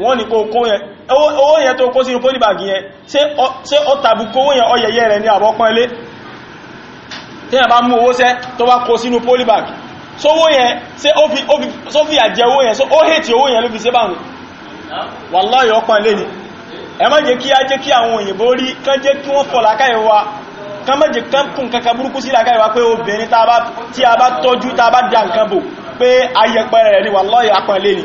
wọ́n ní kó kó yẹn owó yẹn tó kó sínú pólíbàgì yẹn ṣé ó tàbùkú owó yẹn ọyẹyẹ rẹ̀ ní àbọ́pọ́nlé tí yẹn bá mú owó sẹ́ tó bá kó sínú pólíbàgì so owó yẹn ṣé ó fi àjẹ owó yẹn ó hètì owó yẹn ló fi ṣe báwọn wàláyé ọpọ́nlé ni ẹ má jẹ́ kí á jẹ́ kí àwọn òyìnbó rí kán jẹ́ kí wọ́n fọ̀ lákàyè wa kán má jẹ́ kán kún kankan burúkú sí lákàyè wa pé obìnrin tí a bá tọ́jú tí a bá dá nǹkan bò pé ayẹpẹrẹ rẹ̀ ni wàláyé ọpọ́nlé ni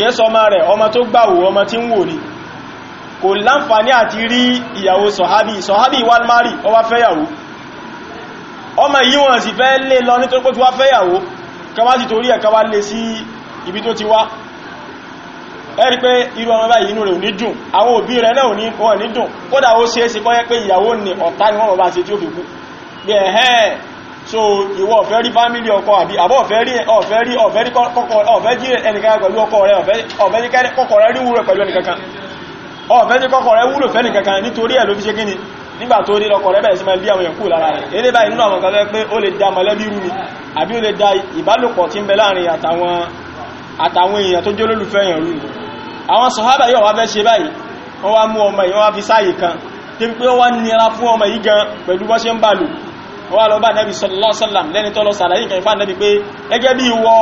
kéèsọ ọmọ rẹ̀ ọmọ tó gbàwò ọmọ tí ń wò ní kò láǹfàní àti rí ìyàwó sọ̀hábì sọ̀hábì wal mari ó wá fẹ́yàwó ọmọ yí wọn sì fẹ́ lé lọ nítorí pé tí wá fẹ́yàwó kọwá ti torí ẹ̀ká wá lé sí ibi tó ti wá ẹ̀rí pé irú ọmọ báyìí inú rẹ̀ ò ní dùn àwọn òbí rẹ̀ náà ò ní dùn kódà ó ṣeéṣe kó jẹ́ pé ìyàwó ní ọ̀tá ni wọ́n bá ṣe tí ó fi kú bí ẹ̀hẹ́n so ìwọ ọ̀fẹ́ rí fámílì ọkọ àbí àbọ́ ọ̀fẹ́ rí ọ̀fẹ́ rí ọ̀fẹ́ rí kọ́kọ́ ọ̀fẹ́ jí ẹnìkan pẹ̀lú ọkọ rẹ ọ̀fẹ́ jí kọ́kọ́ rẹ rí wúrò pẹ̀lú ẹnìkankan ọ̀fẹ́ jí kọ́kọ́ rẹ wúrò fẹ́ nìkankan nítorí ẹ̀ ló fi ṣe kíni nígbà tó rí ọkọ rẹ bẹ̀rẹ̀ sí máa bí àwọn èèyàn kú lára rẹ̀ eré báyìí nínú àwọn kan fẹ́ pé ó lè da mọ̀lẹ́bí rú ni àbí ó lè da ìbálòpọ̀ tí ń bẹ láàrin àtàwọn àtàwọn èèyàn tó jólólùfẹ́ èèyàn rú ni wọ́n lọ bá nẹ́bí sọ́lọ́sọ́lám lẹ́ni tọ́lọ sàlàyé ìkẹ̀ ìfà nẹ́bí pé gẹ́gẹ́ bí wọ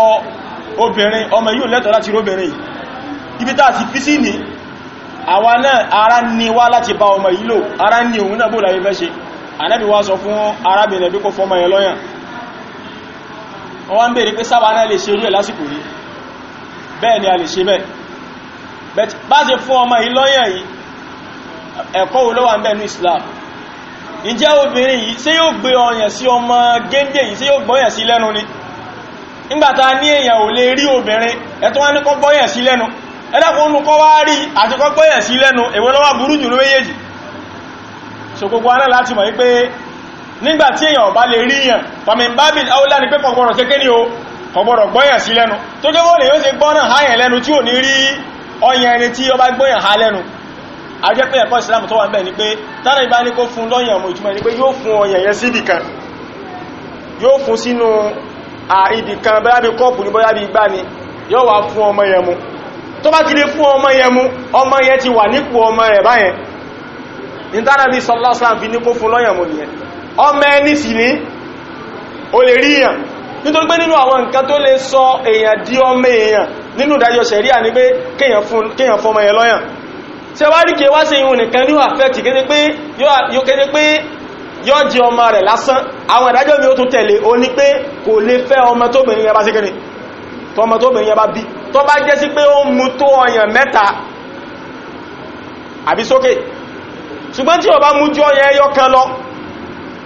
obìnrin ọmọ yìí lẹ́tọ̀ láti róbìnrin ibi tàà ti fi sí ní àwa náà ara ní wá láti bá ọmọ yìí lò ara ní òun náà bó láyé fẹ́ ṣe ànẹ́bí wá sọ fún arábìnrin bí kò fọmọ yẹn lọ́yàn wọ́n ń Islam ìjẹ́ obìnrin yìí tí yóò gbé ọyàn sí ọmọ géńdé yìí tí yóò gbọ́yàn sí lẹ́nu ni nígbàtà ní èyàn ò lè rí obìnrin ẹ̀tọ́ wá ní kọ́ gbọ́yàn sí lẹ́nu ẹ̀dàkùnrin kọ́ wá rí àti kọ́ gbọ́yàn sí lẹ́nu èwo ló wà burú jù ní méjèèjì ṣokòkò aná láti mọ̀ wípé nígbàtí èyàn ò bá lè ni o kọ̀gbọ̀rọ̀ ajẹ́ pé ẹ̀kọ́ ìsìlámù tó wà ń bẹ̀ ni pé tára ìbá ní kó fún lọ́yìn ọmọ ìtumọ̀ ni pé yóò fún ọyàn yẹn síbì kan yóò fún sínú ibì kan bóyá bí ní bóyá igbá ni yóò wá fún ọmọ yẹn mu tó bá ti lè fún ọmọ yẹn mu ọmọ yẹn ti wà nípò ọmọ rẹ̀ báyẹn ní tára bí sọlọ́sàn fi ní kó fún lọ́yìn ọmọ nìyẹn ọmọ ẹni sì ní o lè rí yàn nítorí ṣe wá rí kí wá ṣe ìhun nìkan ní àfẹ́tì kéde pé yóò jẹ ọmọ rẹ̀ lásán àwọn ìdájọ́ mi ó tún tẹ̀lé o ní pé kò lè fẹ́ ọmọ tóbìnrin yẹn bá sí kìnnì tó ọmọ tóbìnrin yẹn bá bí tó bá jẹ́ sí pé ó mú tó ọyàn mẹ́ta àbí sókè ṣùgbọ́n tí ó bá mú jọ yẹn yọ kan lọ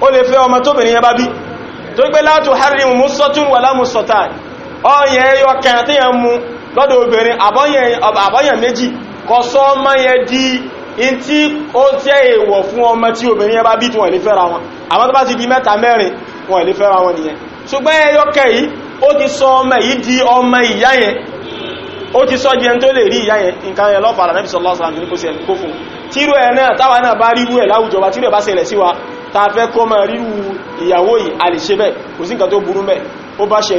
ó lè fẹ́ ọmọ tóbìnrin yẹn bá bí kọ̀sọ́ ọmọ yẹn di in tí ó jẹ́ èèwọ̀ fún ọmọ tí obìnrin yẹn bá bí wọn lè fẹ́ra wọn àwọn tó bá ti di mẹ́ta mẹ́rin wọn lè fẹ́ra wọn nìyẹn ṣùgbọ́n ẹyọkẹ́ yìí ó ti sọ ọmọ yìí di ọmọ ìyá yẹn ó ti sọ di ẹni tó lè rí ìyá yẹn nǹkan yẹn lọ́fà àrànẹ́bí sọlọ́sàn àti nípòsí ẹni kó fún tírú ẹ̀ náà táwa náà bá rírú ẹ̀ láwùjọ wa tírú ẹ̀ bá ṣẹlẹ̀ sí wa ta fẹ́ kó mọ a lè ṣe bẹ́ẹ̀ kò sí nǹkan tó burú mẹ́ ó bá ṣe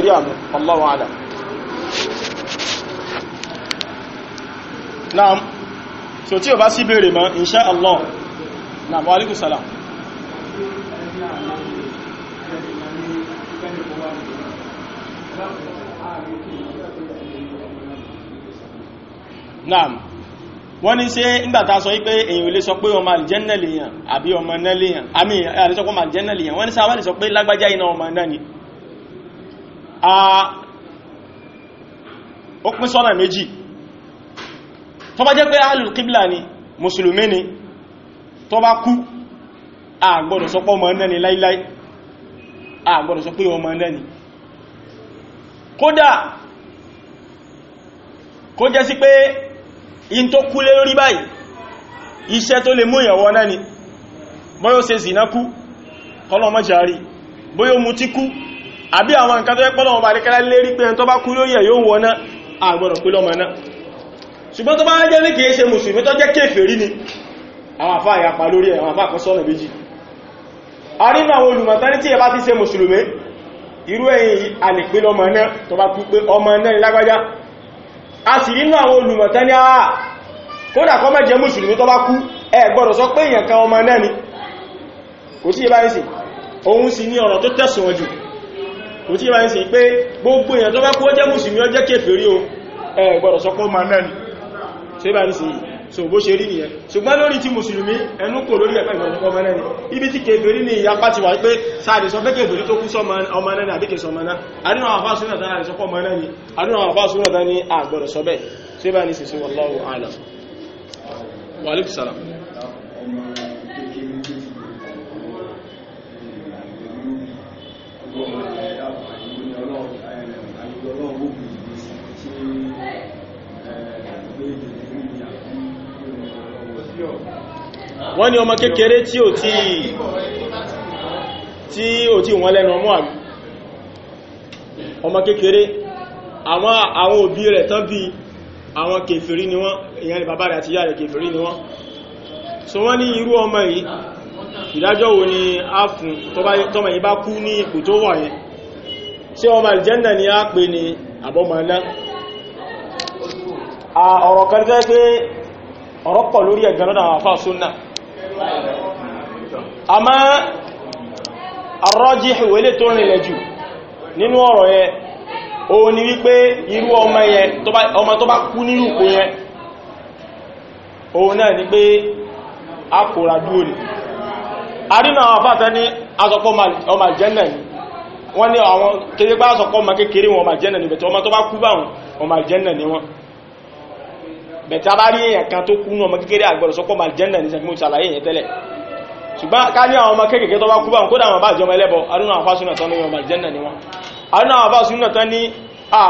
Allahu a'lam naam so tí o bá sí bèèrè mọ́ insha Allah naam wa alaikum salam naam wọ́n ní ṣe ìgbàta sọ wípé èyàn lè sọ pé ọmọ àlìjẹ́nà lèyàn àbí ọmọ náà lèyàn àmì àlìsọpọ̀ ọmọ àlìjẹ́nà lèyàn wọ́n ní sáwọ́ lè sọ pé lágbájá iná ọmọ náà ni ó pín sọ́nà méjì tó bá jẹ́ pé ahlul qibla ni mùsùlùmí ni tó bá kú a gbọ́dọ̀ sọ pé ọmọ ẹ̀nà ni láíláí a gbọ́dọ̀ sọ pé ọmọ ẹ̀nà ni kódà kó jẹ́ sí pé in tó kú lé lórí báyìí iṣẹ́ tó lè mú ìyàwó náà ni bóyó ṣe zìná kú kọlọmọ jàrí bóyó mu ti kú àbí àwọn nǹkan tó yẹ pọ́lọ̀wọ̀n bá rí lérí pé ẹn tó bá kú lórí ẹ̀ yóò wọ́n náà a náà ṣùgbọ́n tó bá jẹ́ ní kìí ṣe mùsùlùmí tó jẹ́ kéfèrí ni àwọn àfá àyàpá lórí ẹ̀ àwọn àfá kan sọ́nà méjì a nínú àwọn olùmọ̀tání tí ẹ bá ti ṣe mùsùlùmí irú ẹ̀yìn alìpínlẹ̀ ọmọ náà tó bá pípé ọmọ náà ní lágbájá a sì nínú àwọn olùmọ̀tání a kódà kọ́ mẹ́jẹ mùsùlùmí tó bá kú ẹ gbọ́dọ̀ sọ pé èèyàn ó jẹ́ náà ni so ibà ní sí so bó ṣe rí nìyẹn ṣùgbọ́n lórí ti mùsùlùmí ẹnu kò lórí ẹ̀pẹ́ ìgbẹ̀rún ọmọ náà ni ibi tí kèfèrí ní ìyapa ti wà pé sáàdì sọ pé kèfèrí tó kú sọmọ ọmọ náà ni àbíkè sọmọ náà àdínà àwọn afásúnà tán àdìsọ pọ̀ ọmọ náà ni àdínà àwọn afásúnà tán ni àgbọ̀dọ̀ sọ bẹ́ẹ̀ so salam wọ́n ní ọmọ kékeré tí ò tí tí ò tí wọ́n lẹ́nu ọmọ àmì ọmọ kékeré àwọn àwọn òbí rẹ̀ tán bí àwọn kèfèrí ni wọ́n èyàn ni bàbá rẹ̀ àti ìyá rẹ̀ kèfèrí ni wọ́n so wọ́n ní irú ọmọ yìí ìdájọ́ wo ni a fún tọ́mọ yìí bá kú ní ipò tó wà yẹn tí ọmọ aljanna ni a pè ní àbọ́mọ̀lá ọ̀rọ̀ kan fẹ́ pé ọ̀rọ̀ pọ̀ lórí ẹ̀gbẹ̀rún àwọn àfáà súnnà àmọ́ arrajihu ilé tó rìnlẹ̀ jù nínú ọ̀rọ̀ yẹn o ni wípé irú ọmọ yẹn ọmọ tó bá kú nínú kò yẹn o náà ni pé a kò rà dúró ni àrínà àwọn afáta ní asọ̀pọ̀ ọmọ àjẹ́nà ni wọ́n ní àwọn kéde pá asọ̀pọ̀ ọmọ kékeré wọn ọmọ àjẹ́nà ni bẹ̀tẹ̀ ọmọ tó bá kú báwọn ọmọ àjẹ́nà ni wọ́n bẹ̀tẹ̀ abárí èèyàn kan tó kú ní ọmọ kékeré àgbọ̀rọ̀ sọpọ̀ ọmọ àjẹ́nà ni sàgbọ́n ṣàlàyé yẹn tẹ́lẹ̀ ṣùgbọ́n ká ní àwọn ọmọ kéèkéé tó bá kú báwọn kódà àwọn bá jọmọ ẹlẹ́bọ arúnà àwọn fásúnà tán ní ọmọ àlìjẹ́nà ni wọ́n arúnà àwọn fásúnà tán ní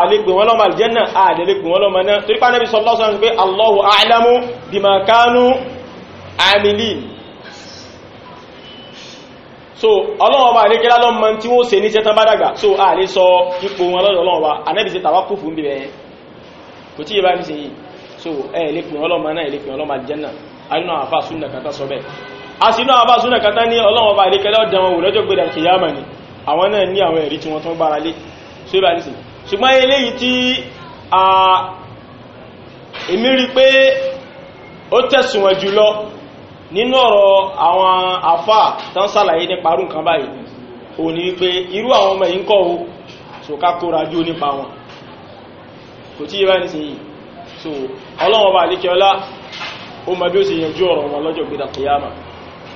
àlèpè wọn lọ́mọ àlìjẹ́nà àlèpè wọn lọ́mọ náà torípa Nábì sallallahu alaihi wasallam pé Allahu a'lamu bima kanu amilin so ọlọ́wọ́ bá ní kílá lọ́mọ tí wọ́n ṣe ní tẹ́tàn bá dàgbà so a lè sọ ipò wọn lọ́dọ̀ ọlọ́wọ́ bá Ànábì ṣe tàwa kú fún bíbẹ̀ kò tí yẹ bá ní ṣe yìí so ẹ̀ lè pè wọn lọ́mọ náà lè pè wọn lọ́mọ àlìjẹ́nà arúnà àwọn fásúnà kan tán sọ bẹ́ẹ̀ a sì náà bá súnà kátá ní ọlọ́wọ́n bá ìrékẹ́lẹ́ ọ̀dẹ̀wọ̀n wò lọ́jọ́ gbẹ̀dẹ̀ kìyàmà ni àwọn náà ní àwọn ẹ̀rí tí wọ́n tán gbára lé ṣé bá nìsí ṣùgbọ́n eléyìí tí a èmi rí pé ó tẹ̀sùnwọ̀n jùlọ nínú ọ̀rọ̀ àwọn àfà tán sàlàyé nípa irú nǹkan báyìí ò ní pé irú àwọn ọmọ yìí ń kọ́ o so ká kóra jó nípa